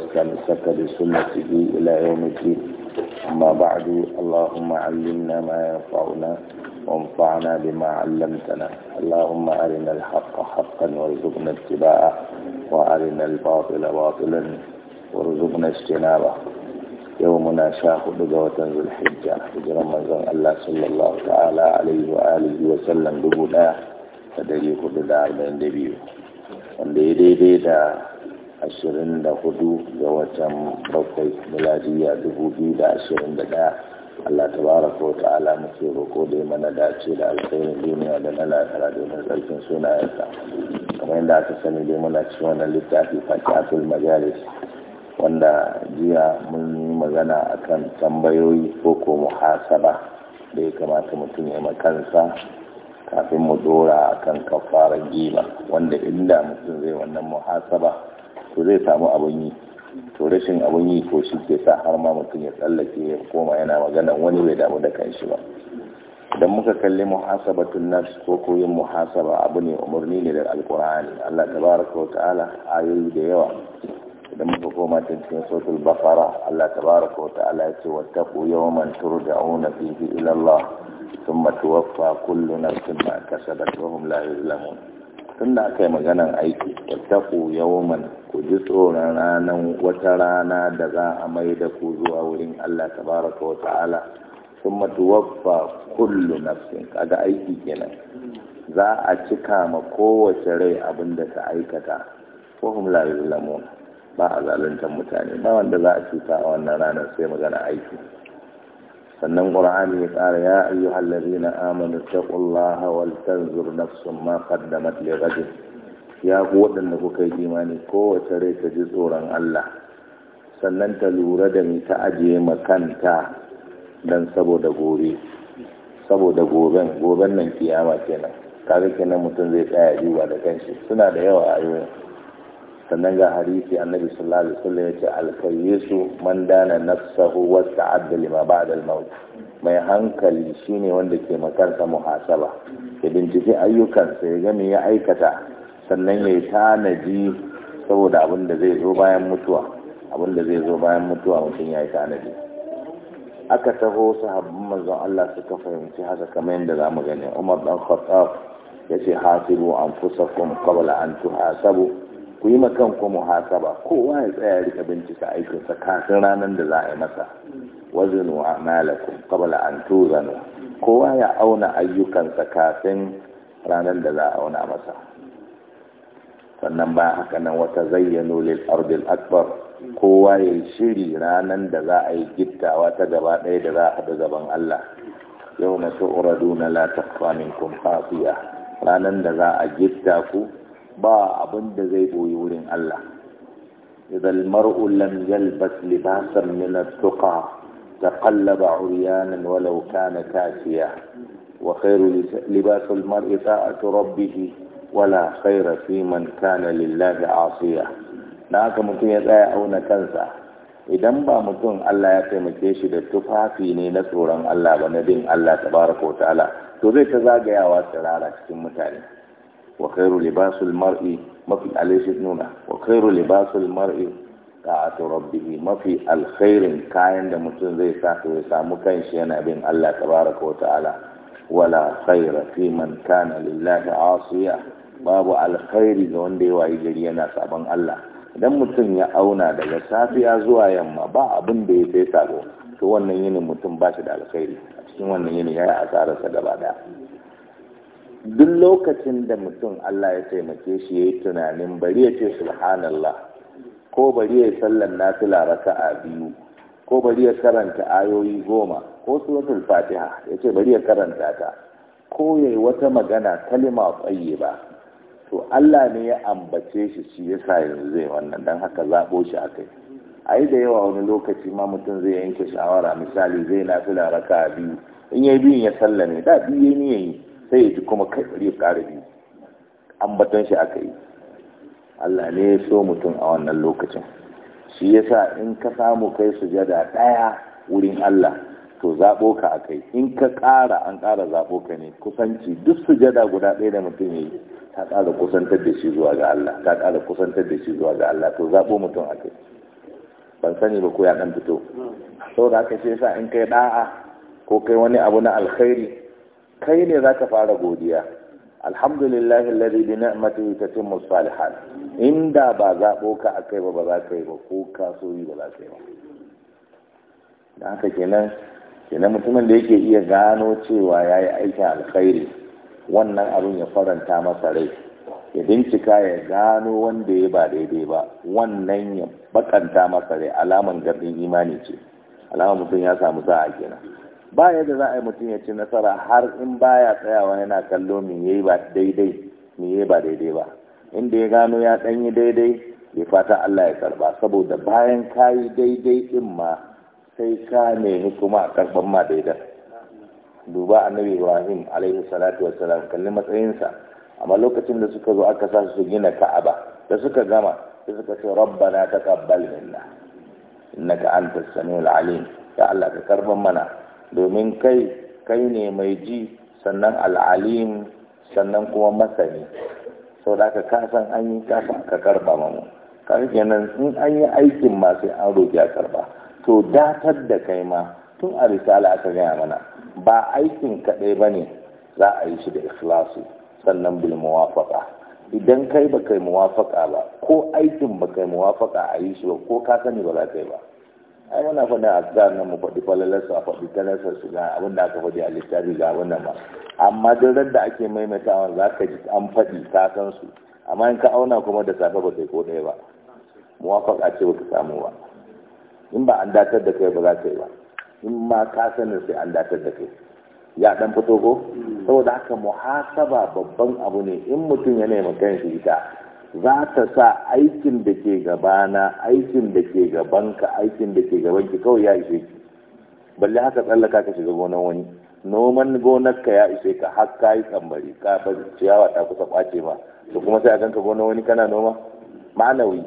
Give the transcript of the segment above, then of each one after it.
واستمسك بسنته إلى يوم الدين أما بعد اللهم علمنا ما ينفعنا وانفعنا بما علمتنا اللهم أرنا الحق حقا وارزقنا اتباعه وأرنا الباطل باطلا وارزقنا اجتنابه يومنا شاهد جوة ذو الحجة حجر مزن الله صلى الله تعالى عليه وآله وسلم دبنا فدريك بدار من دبيو وندي دي دي دا ashirin da hudu ga watan bakwai miladiya dubu biyu da ashirin da ɗaya Allah ta bara ko ta'ala muke roƙo da mana dace da alkhairin duniya da na lafiya domin tsarkin sunayensa kamar yadda aka sani dai muna ci wannan littafi fatihatul majalis wanda jiya mun yi magana akan tambayoyi ko ko muhasaba da ya kamata mutum ya makansa kafin mu dora akan kafarar gima wanda inda mutum zai wannan muhasaba to zai samu abin yi to rashin abin yi ko shi ke sa har ma mutum ya tsallake ya koma yana magana wani bai damu da kanshi ba idan muka kalli muhasabatun nafs ko koyin muhasaba abu ne umarni ne da alkur'ani Allah tabaraka wa ta'ala ayoyi da yawa idan muka koma cikin suratul baqara Allah tabaraka wa ta'ala ya ce wattaqu yawman turja'una fihi ila Allah thumma tuwaffa kullu nafsin ma kasabat wa hum la tun da aka yi maganar aiki tattaku yawman ku ji tsoron ranar wata rana da za a mai da ku zuwa wurin Allah ta tabaraka wa ta'ala sun matuwaffa kullu nafsin kaga aiki kenan za a cika ma kowace rai abin da ta aikata ko hum la ba a zaluntar mutane ba wanda za a cuta a wannan ranar sai magana aiki sannan ƙur'ani ya tsara ya hallari na amanu ta waltar tanzur nafsun ma qaddamat li ya ku waɗanda kuka yi imani kowace rai ta ji tsoron Allah sannan ta lura da ni ta ajiye makanta dan saboda gobe saboda goben goben nan kiyama kenan kaga kenan mutum zai tsaya duba da kanshi suna da yawa a yau. sannan ga hadisi annabi sallallahu alaihi wasallam yace al man dana nafsahu wa ta'adda lima ba'da al-maut mai hankali shine wanda ke makansa muhasaba ya bincike ayyukansa ya ga me ya aikata sannan ya tanaji saboda abin da zai zo bayan mutuwa abin da zai zo bayan mutuwa mutum ya yi tanaji aka taho sahabban manzon Allah suka fahimci haka kamar yadda zamu gani Umar dan Khattab yace hasibu anfusakum qabla an tuhasabu ku yi makan ku muhasaba kowa ya tsaya rika bincika aikinsa kafin ranar da za a yi masa wazinu a'malakum qabla an tuzanu kowa ya auna ayyukansa kafin ranar da za a auna masa sannan ba haka nan wata zayyano lil ardil akbar kowa ya shiri ranar da za a yi gittawa ta gaba ɗaya da za a haɗu gaban Allah yau na tu'raduna la takfa minkum khafiya ranar da za a gitta ku ba abin da zai boyi wurin Allah idan mar'u lam yalbas libasan min at-tuqa taqallaba uryanan walau kana kasiya wa khairu libasul mar'i ta'atu rabbih wala khaira fi man kana lillahi asiya Na haka mutum ya tsaya auna kansa idan ba mutum Allah ya taimake shi da tufafi ne na tsoron Allah ba na bin Allah tabaraka wa ta'ala to zai ta zagayawa tsirara cikin mutane wa khairu libasul mar'i mafi alayhi nuna wa khairu libasul mar'i ta'atu rabbih mafi alkhairin kayan da mutum zai sa ya samu kanshi yana bin Allah tabaraka wa ta'ala wala khaira fi man kana babu alkhairi ga wanda ya wayi gari yana sabon Allah idan mutum ya auna daga safiya zuwa yamma ba abin ya sai sabo to wannan yini mutum bashi da alkhairi a cikin wannan yini ya yi asararsa gaba daya duk lokacin da mutum Allah ya taimake shi ya yi tunanin bari ya ce subhanallah ko bari ya sallan na nafila a biyu ko bari ya karanta ayoyi goma ko suratul fatiha ya ce bari ya karanta ta ko ya yi wata magana kalima tsaye ba to Allah ne ya ambace shi shi sa yanzu zai wannan don haka zaɓo shi a A yi da yawa wani lokaci ma mutum zai yanke shawara misali zai na nafila a biyu in yi biyun ya sallame da biyu ne yi? sai ya ji kuma kai ya kara biyu batan shi aka yi Allah ne ya so mutum a wannan lokacin shi yasa in ka samu kai sujada ɗaya wurin Allah to zaɓo ka akai. in ka ƙara an ƙara zaɓo ka ne kusanci duk sujada guda ɗaya da mutum ya yi ta ƙara kusantar da shi zuwa ga Allah ta ƙara kusantar da shi zuwa ga Allah to zaɓo mutum akai. ban sani ba ko ya ɗan fito saboda haka shi yasa in kai ɗa'a ko kai wani abu na alkhairi kai ne za ka fara godiya alhamdulillah alladhi bi ta tatimmu salihan inda ba zaɓo ka kai ba ba za ka yi ba ko ka so yi ba za ka yi ba da haka kenan kenan mutumin da yake iya gano cewa ya yi aikin alkhairi wannan abin ya faranta masa rai ya bincika ya gano wanda ya ba daidai ba wannan ya bakanta masa rai alaman gardin imani ce alaman mutum ya samu sa'a kenan ba yadda za a yi mutum ya ci nasara har in baya tsayawa yana kallo ya yi ba daidai me ba daidai ba inda ya gano ya dan yi daidai ya fata Allah ya karba saboda bayan ka yi daidai din ma sai ka nemi kuma a karban ma daidai duba annabi Ibrahim alaihi salatu wassalam kalli matsayinsa amma lokacin da suka zo aka sa su gina Ka'aba da suka gama sai suka ce rabbana taqabbal minna innaka antas samiul alim ya Allah ka karban mana domin kai kai ne mai ji sannan al'alim sannan kuma masani sau da aka kasan an yi kasa ka karba mamu kenan in an yi aikin masu an roƙi a karba to datar da kai ma tun a risala aka gaya mana ba aikin kaɗai ba ne za a yi shi da ikhlasu sannan bil muwafaqa idan kai ba kai muwafaqa ba ko aikin ba kai muwafaqa a yi shi ba ko ka sani ba za ka yi ba ai wannan fa a tsar nan mu faɗi falalarsa a faɗi talarsa su ga abin da aka faɗi a littafi ga wannan nan ba amma duk da ake maimaitawa za ka ji an faɗi ka san su amma in ka auna kuma da safe ba kai ko ɗaya ba muwafaka ce ba ka samu ba in ba an datar da kai ba za ka yi ba in ma ka sanin sai an datar da kai ya dan fito ko hmm. saboda haka muhasaba babban abu ne in mutum ya nemi kanshi ita za ta sa aikin da ke gabana aikin da ke gabanka aikin da ke gabanki kawai ya ishe ki balle haka tsallaka ka shiga gonan wani noman gonarka ya ishe ka har ka yi tsambari ka bar ciyawa ta kusa kwace ma to kuma sai a ganka gonan wani kana noma ma'anawi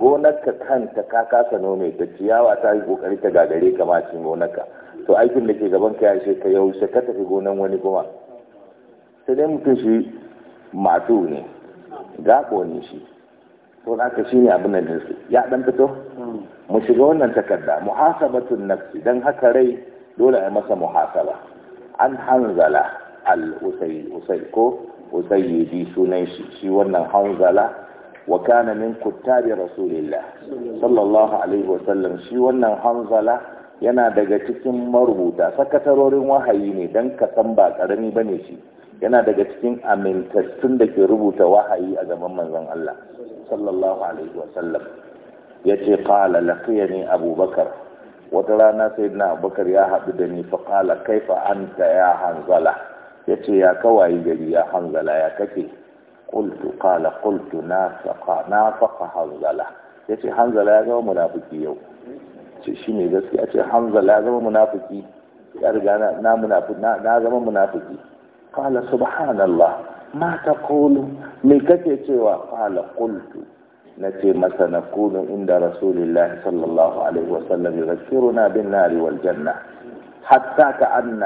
gonarka kanta ka kasa nome ta ciyawa ta yi kokari ta gagare ka macin gonarka to aikin da ke gabanka ya ishe ka yaushe ka tafi gonan wani kuma sai dai mutum shi matu ne gaɓo ne shi to haka shi ne abin da ya ɗan fito hmm. mu shiga wannan takarda muhasabatun nafsi don haka rai dole a masa muhasaba an hanzala al-usai ko bi sunan shi shi wannan hanzala wa kana min kuttabi rasulillah sallallahu alaihi wasallam shi wannan hanzala yana daga cikin marubuta sakatarorin wahayi ne don ka san ba karami bane shi yana daga cikin amintattun da ke rubuta wahayi a zaman manzon Allah sallallahu alaihi wasallam ya ce qala ne abubakar wata rana na abubakar ya haɗu da ni fa qala kaifa ta ya hanzala ya ce ya kawai gari ya hanzala ya kake qultu kala qultu na nafaqa hanzala ya ce hanzala ya zama munafiki yau ce shine gaskiya ce hanzala ya zama munafiki ya riga na na zama munafiki قال سبحان الله ما تقول ملكتي سوى قال قلت نتي متى نكون عند رسول الله صلى الله عليه وسلم يذكرنا بالنار والجنة حتى كأن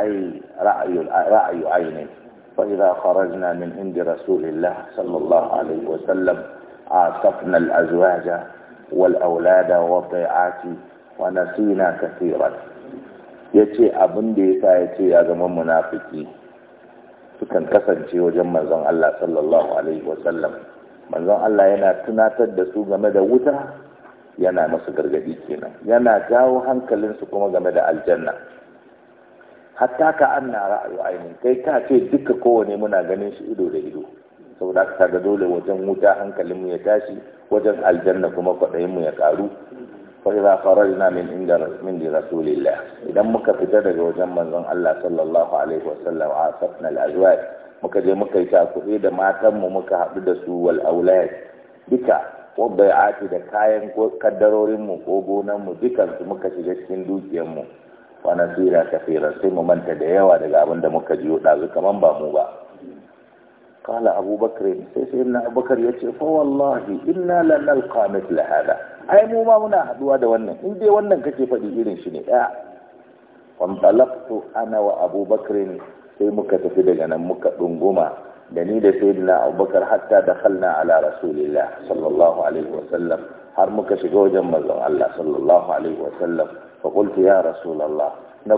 أي رأي رأي عين فإذا خرجنا من عند رسول الله صلى الله عليه وسلم عاصفنا الأزواج والأولاد والضيعات ونسينا كثيرا يتي أبندي فايتي يا منافقين sukan kasance wajen manzon Allah sallallahu alaihi wasallam manzon Allah yana tunatar da su game da wuta yana masu gargadi kenan yana jawo hankalinsu kuma game da aljanna hatta ka anna ra'ayu ra'ayi kai ka ce duka kowane muna ganin shi ido da ido saboda ka ga dole wajen wuta hankalinmu ya tashi wajen aljanna kuma kwaɗayinmu ya ƙaru فإذا خرجنا من عند من رسول الله إذا مك في تدرج وجمع من الله صلى الله عليه وسلم عاصفنا الأزواج مك جي muka haɗu إذا ما تم مك حدد سوى الأولاد بك وبيعات da kayan kaddarorin mu ko gonar mu dukan su muka shiga cikin dukiyar mu wa nasira sai mu manta da yawa daga abin da muka jiyo dazu kaman ba mu ba qala abubakar sai sai yace fa wallahi inna lanalqa mithla ai mu ma muna haduwa da wannan in dai wannan kake faɗi irin shi ne ɗaya fantalaktu ana wa abubakarin sai muka tafi daga nan muka ɗunguma da ni da sai na abubakar hatta da halna ala rasulillah sallallahu alaihi wasallam har muka shiga wajen mazan Allah sallallahu alaihi wasallam fa qultu ya rasulullah na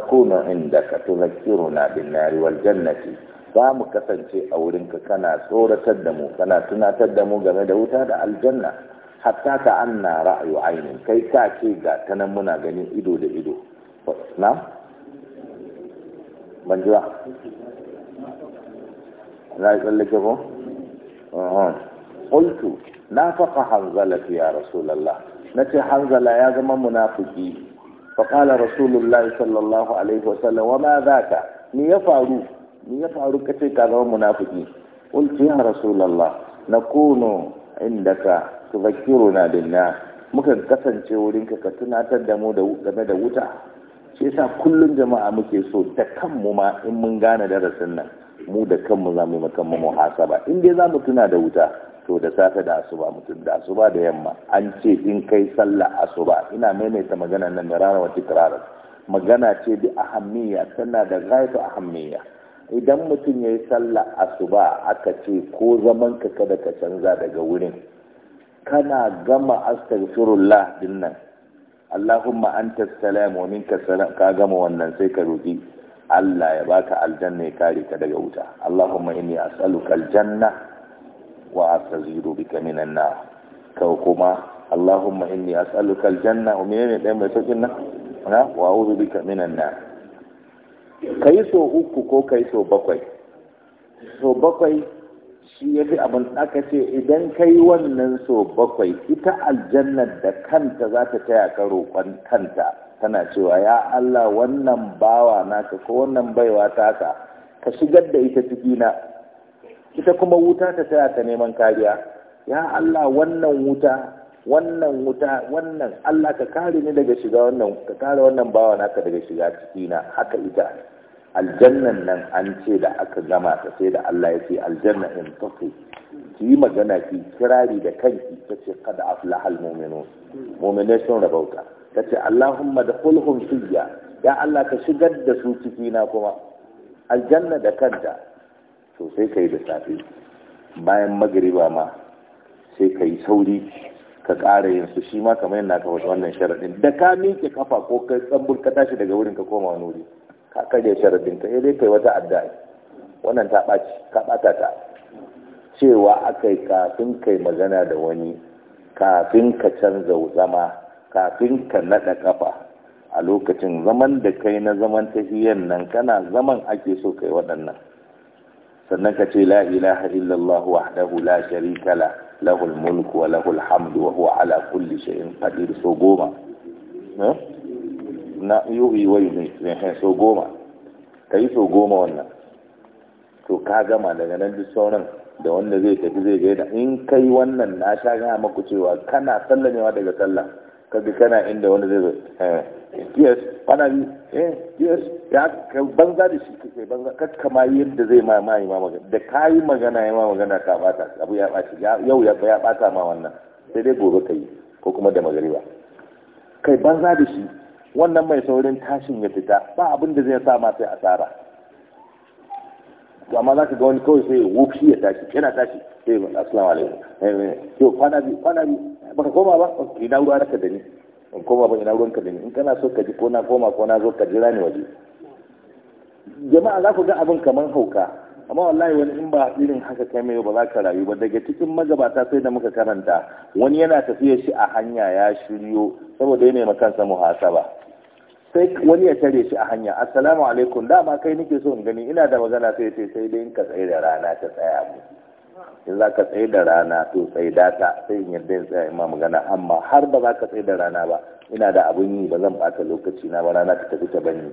indaka tuzakkiruna bin nari wal jannati za mu kasance a wurinka kana tsoratar da mu kana tunatar da mu game da wuta da aljanna hatta ka na ra'ayu ainihin kai ka ce ga ta nan muna ganin ido da ido na ban na yi tsallake ko ƙultu na faka hanzala ya na ce hanzala ya zama munafiki faƙala qala sallallahu alaihi wasallam wa ma ka ni ya faru ni ya faru kace ka zama munafiki qultu ya na kuno inda ka. tuzakiruna dinna muka kasance wurinka ka tunatar da mu game da wuta shi yasa kullun jama'a muke so da kanmu ma in mun gane darasin nan mu da kanmu za mu yi makanmu muhasaba in dai za mu tuna da wuta to da safe da asuba mutum da asuba da yamma an ce in kai sallah asuba ina maimaita magana na da rana magana ce bi ahammiya tana da gaitu ahammiya idan mutum ya sallah asuba aka ce ko zaman ka kada ka canza daga wurin kana gama astaghfirullah din nan Allahumma anta salam wa minka salam ka gama wannan sai ka roki Allah ya baka aljanna ya kare ka daga wuta Allahumma inni as'aluka aljanna wa astaziru bika minan nar ka kuma Allahumma inni as'aluka aljanna wa menene dai mai saukin nan na wa a'udhu bika minan nar kai so uku ko kai so bakwai so bakwai shi ya fi abin aka ce idan ka yi wannan so bakwai ita aljannar da kanta za ta taya ka roƙon kanta tana cewa ya Allah wannan bawa naka ko wannan baiwa taka ka shigar da ita cikina ita kuma wuta ta taya ta neman kariya ya Allah wannan wuta wannan wuta wannan Allah ka kare ni daga shiga wannan ka kare wannan bawa naka daga shiga cikina haka ita aljannan nan an ce da aka gama ta sai da Allah ya ce aljanna in tafi ki magana ki kirari da kanki ta ce kada aflahal mu'minun mu'minai sun rabauta ta ce Allahumma dakhulhum fiyya ya Allah ka shigar da su ciki na kuma aljanna da kanta to sai kai da safi bayan magriba ma sai kai sauri ka ƙara yin su shi ma kamar yana ka wata wannan sharaɗin da ka miƙe kafa ko ka tsambur ka tashi daga wurin ka koma wani wuri ka karya sharadin ta dai kai wata addu'a wannan ta ɓaci ka ɓata ta cewa akai kafin kai magana da wani kafin ka canza zama kafin ka naɗa kafa a lokacin zaman da kai na zaman tafiyan nan kana zaman ake so kai waɗannan sannan ka ce la ilaha illallah wahdahu la sharika la lahul mulku wa lahul hamdu wa huwa ala kulli shay'in qadir so goma na yu'i wa yu'i so goma ka yi so goma wannan to ka gama daga nan duk sauran da wanda zai tafi zai ga yadda in kai wannan na sha gaya maku cewa kana sallamewa daga sallah kaga kana inda wanda zai zai eh, yes ana yi eh yes ya banza da shi kake banza kakka ma yadda zai ma ma ma magana da yi magana ya ma magana ka bata abu ya baci yau ya ya bata ma wannan sai dai gobe kai ko kuma da magariba kai banza da shi wannan mai saurin tashin ya fita ba abin da zai sa ma sai asara to amma za ka ga wani kawai sai wufi ya tashi yana tashi sai mu assalamu alaikum eh, eh. to kwana bi kwana bi baka koma ba ina ruwa raka da ni in koma ba ina ruwanka da ni in kana so ka ji ko na koma ko na zo ka jira ni waje jama'a za ku ga abin kamar hauka amma wallahi wani in ba irin haka kai mai ba za ka rayu ba daga cikin magabata sai da muka karanta wani yana tafiya shi a hanya ya shiryo saboda yana makansa muhasaba sai wani ya tare shi a hanya assalamu alaikum dama kai nake so in gani ina da magana sai ce sai dai in ka tsaye da rana ta tsaya mu in za ka tsaye da rana to tsaye data sai in yadda in tsaya in ma magana amma har ba za ka tsaye da rana ba ina da abun yi ba zan bata lokaci na ba rana ta tafi ta bani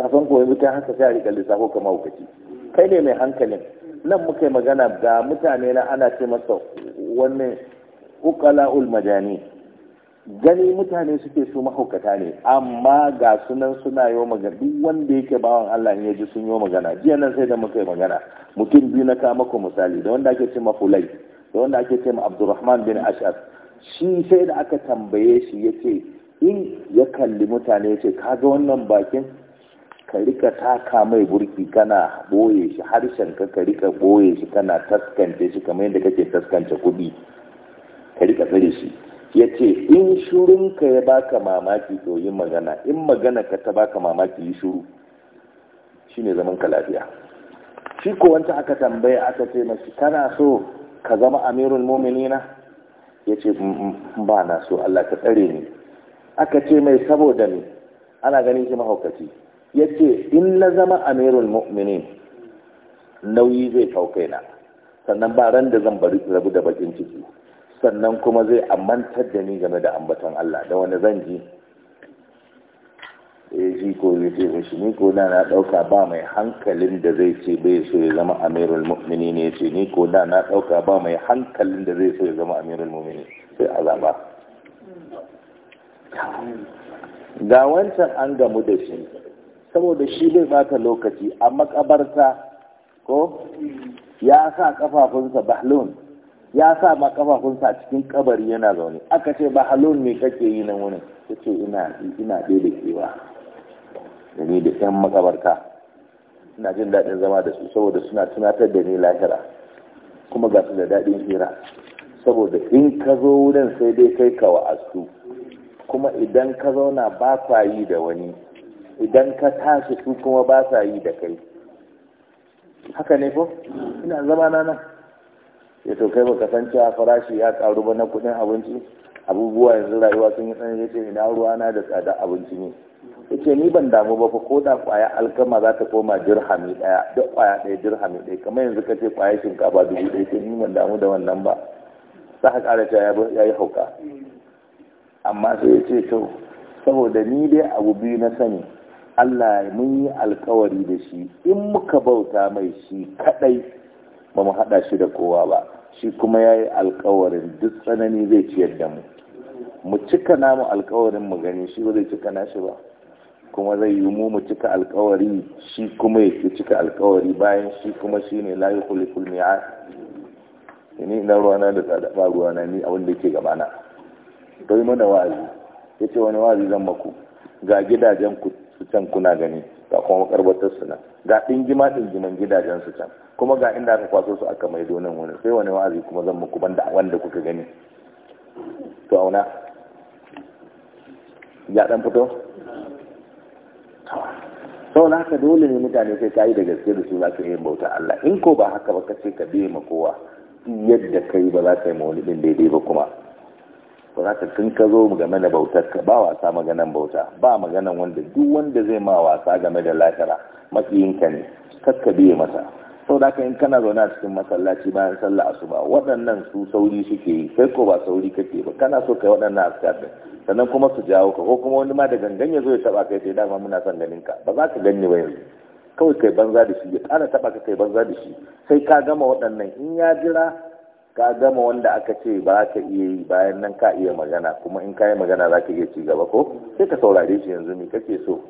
kafin koyi mutan haka sai a rika lissafo kamar hukaci kai ne mai hankalin nan muka yi magana ga mutane na ana ce masa wannan ul majani gani mutane suke su mahaukata ne amma ga sunan suna yi magana duk wanda yake bawan Allah ya ji sun yi magana jiya nan sai da muka yi magana mutum biyu na kama ku misali da wanda ake cewa fulai da wanda ake cewa Abdurrahman bin Ash'ab shi sai da aka tambaye shi ya ce, in ya kalli mutane ya yace kaga wannan bakin ka rika taka mai burki kana boye shi harshen ka ka rika boye shi kana taskance shi kamar yadda kake taskance kuɗi ka rika tsare shi ya ce in shirinka ya baka mamaki to yi magana in magana ka ta baka mamaki yi shuru shi ne zaman ka lafiya shi ko wanta aka tambaya aka ce masu kana so ka zama amirul mominina ya ce mm, mm, ba na so Allah ka tsare ni aka ce mai saboda ni ana ganin shi mahaukaci ya ce in na zama amirul mominin nauyi zai kaukai na sannan ba ran da zan bari rabu da bakin ciki sannan kuma zai amantar da ni game da ambaton Allah da wani zan ji ya eh, ji ko zai ce mishi ni ko da na ɗauka ba mai hankalin da zai ce bai so ya zama amirul mu'mini ne ce ni ko da na ɗauka ba mai hankalin da zai so ya zama amirul mu'mini sai azaba ga wancan an gamu da shi saboda shi bai bata lokaci a makabarta ko ya sa kafafunsa bahlun ya sa ma kafafunsa a cikin kabari yana zaune aka ce ba halon me kake yi nan wurin ta ce ina ina ɗaya da kewa da ni da yan makabarta ina jin daɗin zama da su saboda suna tunatar da ni lahira kuma ga su da daɗin hira saboda in ka zo wurin sai dai kai ka asu kuma idan ka zauna ba sa yi da wani idan ka tashi su kuma ba sa yi da kai haka ne ko ina zama na nan ya to kai baka san cewa farashi ya karu ba na kudin abinci abubuwa yanzu rayuwa sun yi tsanani yace ina ruwa na da tsada abinci ne yace ni ban damu ba ko da kwaya alkama za ta koma dirhami daya duk kwaya daya dirhami daya kamar yanzu kace kwaya shinkafa dubu daya ce ni ban damu da wannan ba za ka kara cewa ya yi hauka amma sai ya ce to saboda ni dai abu biyu na sani Allah mun yi alkawari da shi in muka bauta mai shi kadai ba mu haɗa shi da kowa ba shi kuma ya yi alkawarin duk tsanani zai ciyar da mu mu cika namu alkawarin mu gani shi ba zai cika nashi ba kuma zai yi mu mu cika alkawari shi kuma ya ke cika alkawari bayan shi kuma shi ne layi kulikul mi'a ni ina ruwana da tsadaɓa ruwana ni abin da ke gabana to yi mana wa'azi ya ce wani wazi zan maku ga gidajen ku can kuna gani ga kuma makarbatar su ga dingima gidajen su can kuma ga inda aka kwaso su aka maido nan wani sai wani wazi kuma zan muku banda wanda kuka gani to auna ya dan fito sau na haka dole ne mutane sai yi da gaske da su za su yi bauta Allah in ko ba haka ba ka ce ka biye ma kowa yadda kai ba za ka yi ma wani ɗin daidai ba kuma don haka ka zo game da bautar ka ba wasa maganan bauta ba maganan wanda duk wanda zai ma wasa game da lahira matsayinka ne kakka biye masa sau da in kana zaune a cikin masallaci bayan sallah asuba waɗannan su sauri suke yi sai ko ba sauri kake ba kana so kai waɗannan askar din sannan kuma su jawo ka ko kuma wani ma da gangan ya zo ya taba kai sai dama muna son ganin ka ba za ka ganni ba yanzu kawai kai banza da shi ya ƙara taba ka kai banza da shi sai ka gama waɗannan in ya jira ka gama wanda aka ce ba ka iya yi bayan nan ka iya magana kuma in ka yi magana za ka iya ci gaba ko sai ka saurare shi yanzu me kake so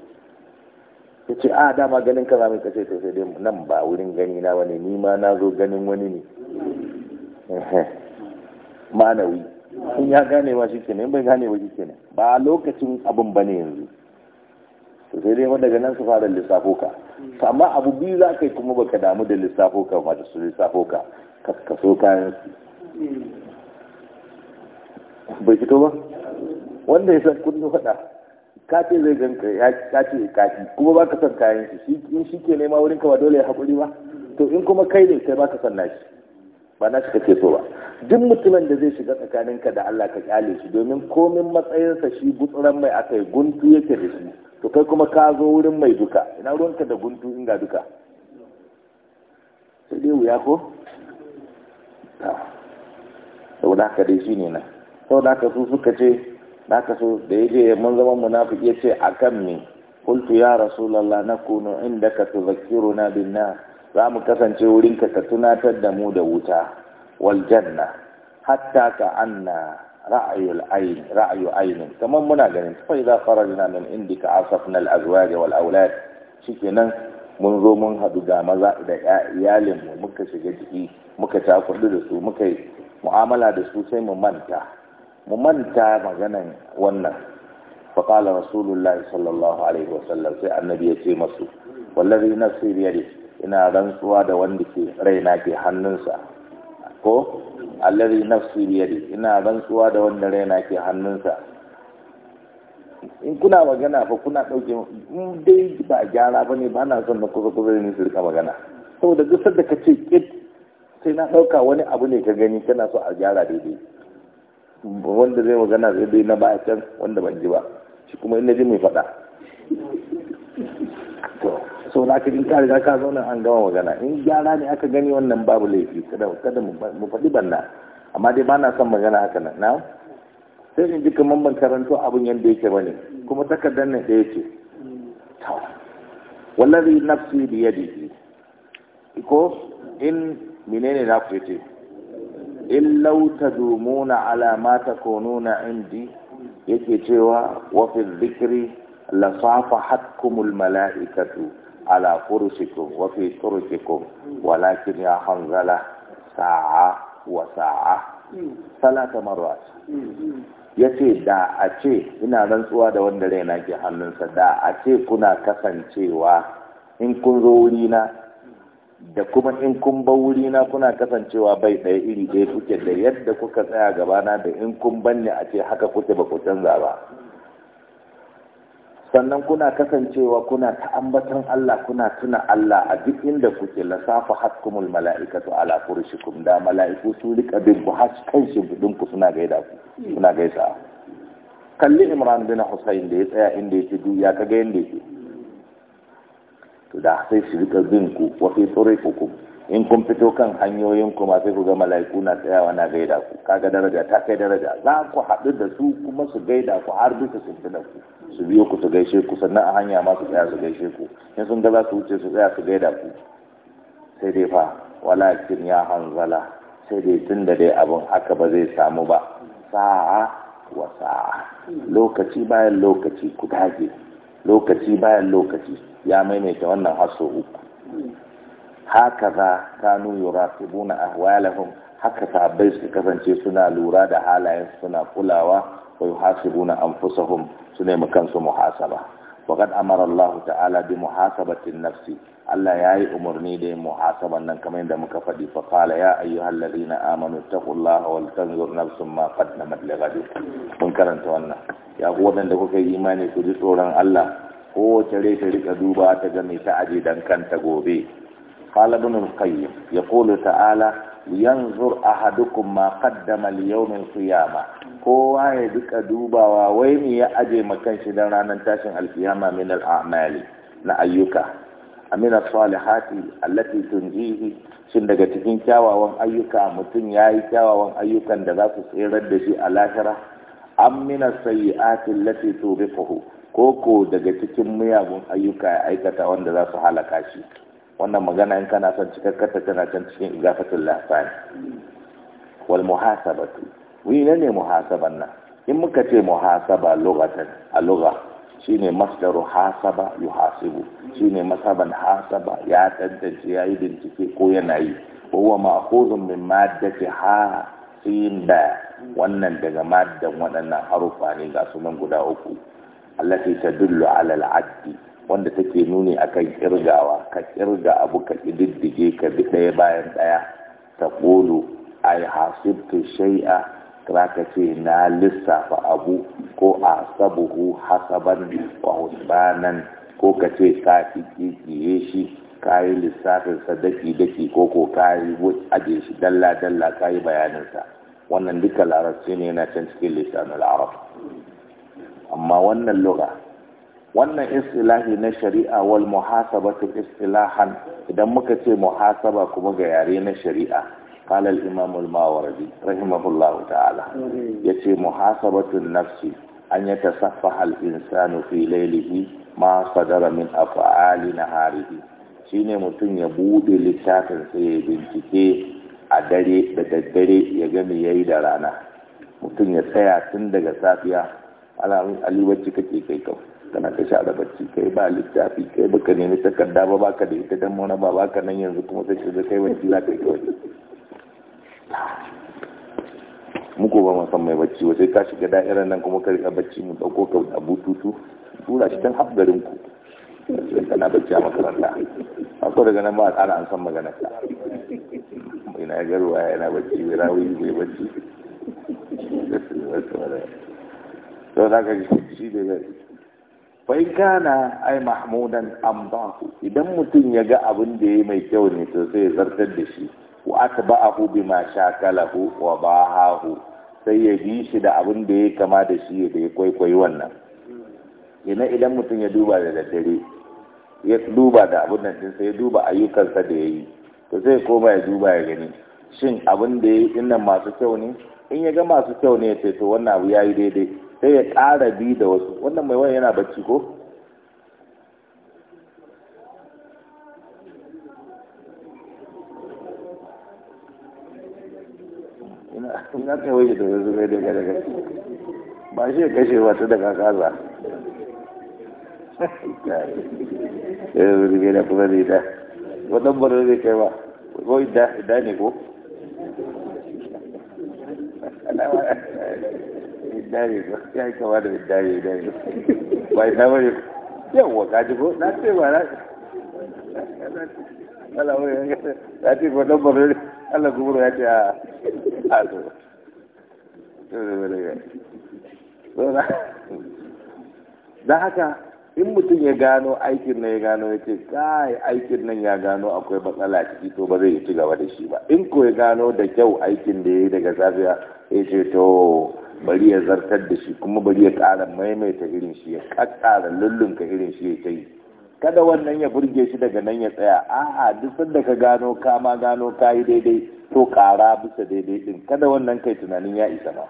ya ce a ah, dama ganin ka zamu kace to sai dai nan ba wurin gani na bane ni ma na zo ganin wani ne ma'anawi in ya gane ba shi kenan bai gane ba shi kenan ba lokacin abin bane yanzu to sai dai daga nan su fara lissafo ka amma abu biyu za ka yi kuma baka damu da lissafo ka da su lissafo ka ka so kayan su bai fito ba wanda ya san kudin faɗa ka ce zai ganka ya ce kafi kuma ba ka san kayan shi in shi ke nema wurin ka ba dole ya haƙuri ba to in kuma kai ne kai ba ka san nashi ba na suka kake so ba duk mutumin da zai shiga tsakaninka da Allah ka kyale shi domin komin matsayinsa shi gutsuran mai aka yi guntu yake da shi to kai kuma ka zo wurin mai duka ina ruwanka da guntu in ga duka sai dai wuya ko sau da ka dai shi ne nan sau da ka su suka ce da ka so da ya je mun zama munafiki ya ce a kan me kultu ya rasulallah na kunu inda ka tuzakiruna bin na za mu kasance wurinka ka tunatar da mu da wuta wal janna hatta ka anna ra'ayul ayn ra'ayu kamar muna ganin fa idza kharajna min indika asafna al azwaj wal aulad shikenan mun zo mun hadu ga maza da iyalin mu muka shiga ciki muka takurdu da su muka yi mu'amala da su sai mu manta mu manta maganan wannan فقال رسول الله صلى الله عليه وسلم سي النبي يتي مسو والذي نفسي بيده ina rantsuwa da wanda ke raina ke hannunsa ko allazi nafsi biyadi ina rantsuwa da wanda raina ke hannunsa in kuna magana fa kuna dauke in dai ba gyara bane ba na son na kusa kusa ne su rika magana saboda duk sanda kace kit sai na dauka wani abu ne ka gani kana so a gyara daidai wanda zai magana zai dai na baya can wanda ban ji ba shi kuma in na ji mai faɗa so na ka in ka riga ka zauna an gama magana in gyara ne aka gani wannan babu laifi kada kada mu faɗi banna amma dai ba na son magana haka nan na sai in ji kaman ban karanto abin yadda yake bane kuma takardar nan ɗaya ce wallahi nafsi bi yadihi ko in menene na ku ce in law tadumuna ala ma takununa indi yake cewa wa fi dhikri la hakkumul mala'ikatu Ala wa fi وفي walakin ya hanzala sa'a wa sa'a salata marwat yace da a ce ina rantsuwa da wanda na ke hannunsa da a ce kuna kasancewa in kun zo wurina da kuma in kun ba wurina kuna kasancewa bai ɗaya iri ɗaya kuke da yadda kuka tsaya gabana da in kun banne a ce haka kuke ba ku canza ba sannan kuna kasancewa kuna ta Allah kuna tuna Allah a duk inda kuke la safa hatkumul mala'ikatu ala furushikum da mala'iku su rika bin ku har kan ku suna gaida ku suna gaisa kalli Imran bin Husayn da ya tsaya inda yake duk ya kaga yanda yake to da sai su rika bin ku wa fi tsurifukum in kun fito kan hanyoyin ku ma sai ku ga mala'iku na tsayawa na gaida ku kaga daraja ta kai daraja za ku haɗu da su kuma su gaida ku har bisa shimfiɗa ku su biyo ku su gaishe ku sannan a hanya ma su tsaya su gaishe ku in sun ga su wuce su tsaya su gaida ku sai dai fa walakin ya hanzala sai dai tun da dai abin haka ba zai samu ba sa'a wa sa'a lokaci bayan lokaci ku dage lokaci bayan lokaci ya maimaita wannan haso uku Haka hakaza kanu yuraqibuna ahwalahum haka sabai su kasance suna lura da halayen suna kulawa wa yuhasibuna anfusahum su ne kansu muhasaba waqad amara Allah ta'ala bi muhasabatin nafsi Allah yayi umarni da muhasaban nan kamar yadda muka faɗi fa qala ya ayyuhalladhina amanu taqullaha wal tanzur nafsum ma qaddamat lighadin mun karanta wannan ya ku wadanda kuka yi imani ku ji tsoron Allah kowace rai ta rike duba ta ga me ta aje dan kanta gobe قال ابن القيم يقول تعالى ma أحدكم ما قدم ليوم القيامة kowa ya duka dubawa wai me ya aje makan shi dan ranar tashin alkiyama min al'amali na ayyuka amina salihati allati tunjihi shin daga cikin kyawawan ayyuka mutum yayi kyawawan ayyukan da za su tsirar da shi a lahira am min sayyiati allati tubiquhu koko daga cikin miyagun ayyuka ya aikata wanda za su halaka shi wannan magana in kana son cikakkarta tana can cikin igafatul lahsani wal muhasabatu wi ne ne muhasaban nan in muka ce muhasaba lugatan a lugha shine masdaru hasaba yuhasibu shine masaban hasaba ya tantance ya yi bincike ko yana yi huwa ma'khudun min maddati ha sin da wannan daga maddan waɗannan harufa ne ga sunan guda uku allati tadullu ala al-addi wanda take nuni akan kirgawa ka kirga abu ka ƙididdige ka bi ɗaya bayan ɗaya ta ƙolo ai hasibtu shai'a ka ce na lissafa abu ko a sabuhu hasaban wa husbanan ko ka ce ka ƙiƙiƙiye shi ka yi lissafinsa daki-daki ko ko ka yi aje shi dalla-dalla ka yi bayaninsa wannan duka larabci ne yana can cikin lissafin arab amma wannan lura wannan istilahi na shari'a wal muhasabatu istilahan idan muka ce muhasaba kuma ga yare na shari'a qala al imam al mawardi rahimahullahu ta'ala yace muhasabatu nafsi an yatasaffaha al insanu fi laylihi ma sadara min af'ali naharihi shine mutum ya buɗe littafinsa ya bincike a dare da daddare ya gami me yayi da rana mutum ya tsaya tun daga safiya alamin alibacci kake kai kawai kana ta sha da bacci kai ba littafi kai baka nemi takarda ba baka da ita dan mona ba baka nan yanzu kuma sai ka kai za ka yi kawai mu ko ba mu mai bacci ka shiga da'irar nan kuma ka riga bacci mu dauko ka a bututu tura shi tan habgarin ku bacci a makaranta nan ka ina garwa yana bacci rawi bai bacci da aka shi da fai gana ai mahmudan amdahu idan mutum ya ga abin da ya mai kyau ne to sai ya zartar da shi wa atba'ahu bima shakalahu wa bahahu sai ya bi shi da abin da ya kama da shi da ya kwaikwayi wannan ina idan mutum ya duba da daddare ya duba da abin da shi, sai ya duba ayyukansa da ya yi to sai koma ya duba ya gani shin abin da ya yi masu kyau ne in ya ga masu kyau ne ya ce to wannan abu ya yi daidai sai ya ƙara bi da wasu wannan mai wani yana bacci ko ina kai waje da wasu mai daga daga ba shi ya kashe wata daga kaza ya zuri gina kuma zai da wadan barar zai kai ba ko da ne ko dare ba ya kama da dare dare ba ji ko na ce ba na ya ce ko bari Allah ya ce a haka in mutum ya gano aikin nan ya gano ya ce kai aikin nan ya gano akwai matsala ciki to ba zai ci gaba da shi ba in ko ya gano da kyau aikin da ya yi daga safiya ya ce to bari ya zartar da shi kuma bari ya ƙara maimaita irin shi ya ƙaƙƙara lullunka irin shi ya ta yi kada wannan ya burge shi daga nan ya tsaya a'a duk sanda ka gano ka ma gano ka yi daidai to ƙara bisa daidai din kada wannan kai tunanin ya isa ma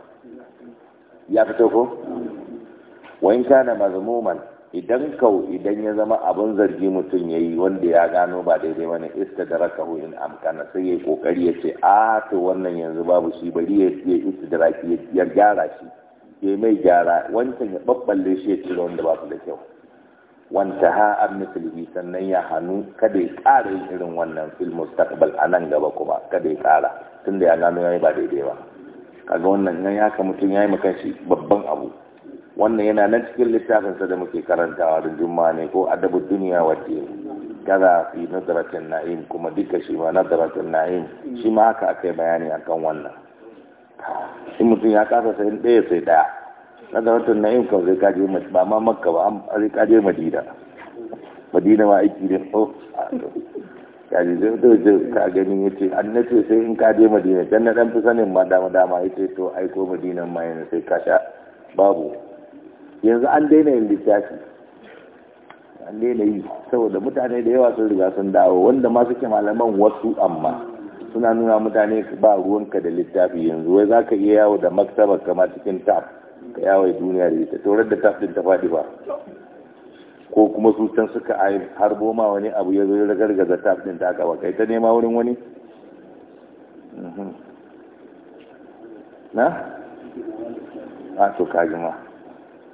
ya fito ko wa in kana mazmuman idan kau idan ya zama abin zargi mutum ya yi wanda ya gano ba daidai wani iska da raka in amkana sai ya kokari ya ce a to wannan yanzu babu shi bari ya ya iska da raki ya gyara shi ya mai gyara wancan ya babballe shi ya cire wanda ba su da kyau wanta ha an misali sannan ya hannu kada ya ƙara yin irin wannan fil mustaqbal a nan gaba kuma kada ya ƙara tunda ya gano ya yi ba daidai ba kaga wannan nan ya ka mutum ya yi makashi babban abu wannan yana nan cikin littafinsa da muke karantawa da juma ne ko adabu duniya wace kaza fi nadratin na'im kuma duka shi ma nadratin na'im shi ma haka akai bayani akan wannan shi mutum ya kasa sai ɗaya sai ɗaya nadratin na'im kan zai kaje mai ba ma makka ba an zai kaje madina madina ma aiki ne oh, ko ji zai zai zai ka gani an nace sai in kaje madina dan na dan fi sanin ma dama dama ce to aiko madinan ma yanzu sai ka sha babu yanzu an daina yin littafi an daina yi saboda mutane da yawa sun riga sun dawo wanda ma suke malaman wasu amma suna nuna mutane ba ruwanka da littafi yanzu wai za ka iya yawo da maktaba kama cikin taf ka yawo duniya da ita taurar da taf din ta faɗi ba ko kuma su can suka harbo ma wani abu ya zo ya gargaza taf din ta aka kai ta nema wurin wani mhm. na? a ah, to kajima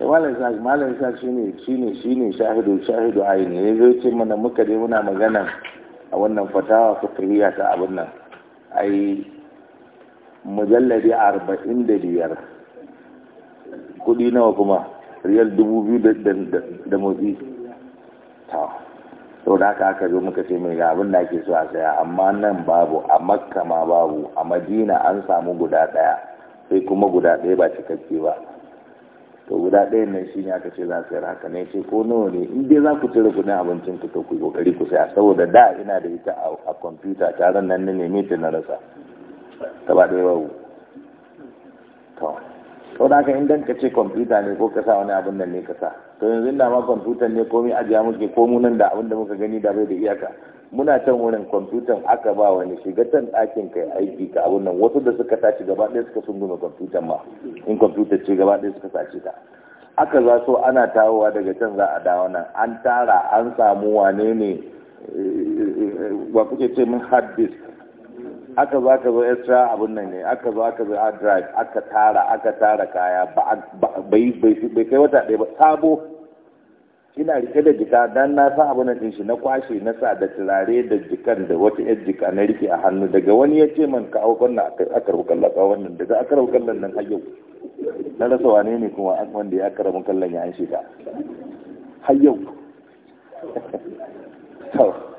Eh, malam sa malam sa shine shine shine shahidu shahidu ayin ne zai ce mana muka dai muna magana a wannan fatawa fiqhiyya ta abin nan ai mujalladi 45 kudi nawa kuma riyal 2000 da motsi ta to da haka aka zo muka ce mai ga abin da ake so a saya amma nan babu a makka ma babu a madina an samu guda daya sai kuma guda daya ba cikakke ba to guda ɗaya nan shi ne aka ce za su yi haka ne ce ko nawa ne in dai za ku cire kuɗin abincin ku to ku kokari ku saya saboda da ina da ita a kwamfuta taron nan na neme ta na rasa ta ba ɗaya babu to to da ka in ka ce kwamfuta ne ko ka sa wani abin nan ne ka sa to yanzu ina ma kwamfutan ne komai ajiya muke ko mu nan da abin da muka gani da bai da iyaka muna can wurin kwamfutan aka ba wani shiga can ɗakin kai aiki ka abun nan wasu da suka tashi gaba ɗaya suka sun gume kwamfutan ma in kwamfutar ce gaba ɗaya suka sace ta aka za so ana tawowa daga can za a dawo nan an tara an samu wane ne wa kuke ce min hard disk aka zo aka zo extra abun nan ne aka zo aka zo hard drive aka tara aka tara kaya ba bai bai kai wata ɗaya ba sabo ina rike da jika dan na san abin nan shi na kwashe na sa da turare da jikan da wata yar jika na rike a hannu daga wani ya ce man ka aukan na aka karbu kallon ka wannan daga aka karbu kallon nan har yau na rasa wane ne kuma an wanda ya karbu kallon ya an shiga har yau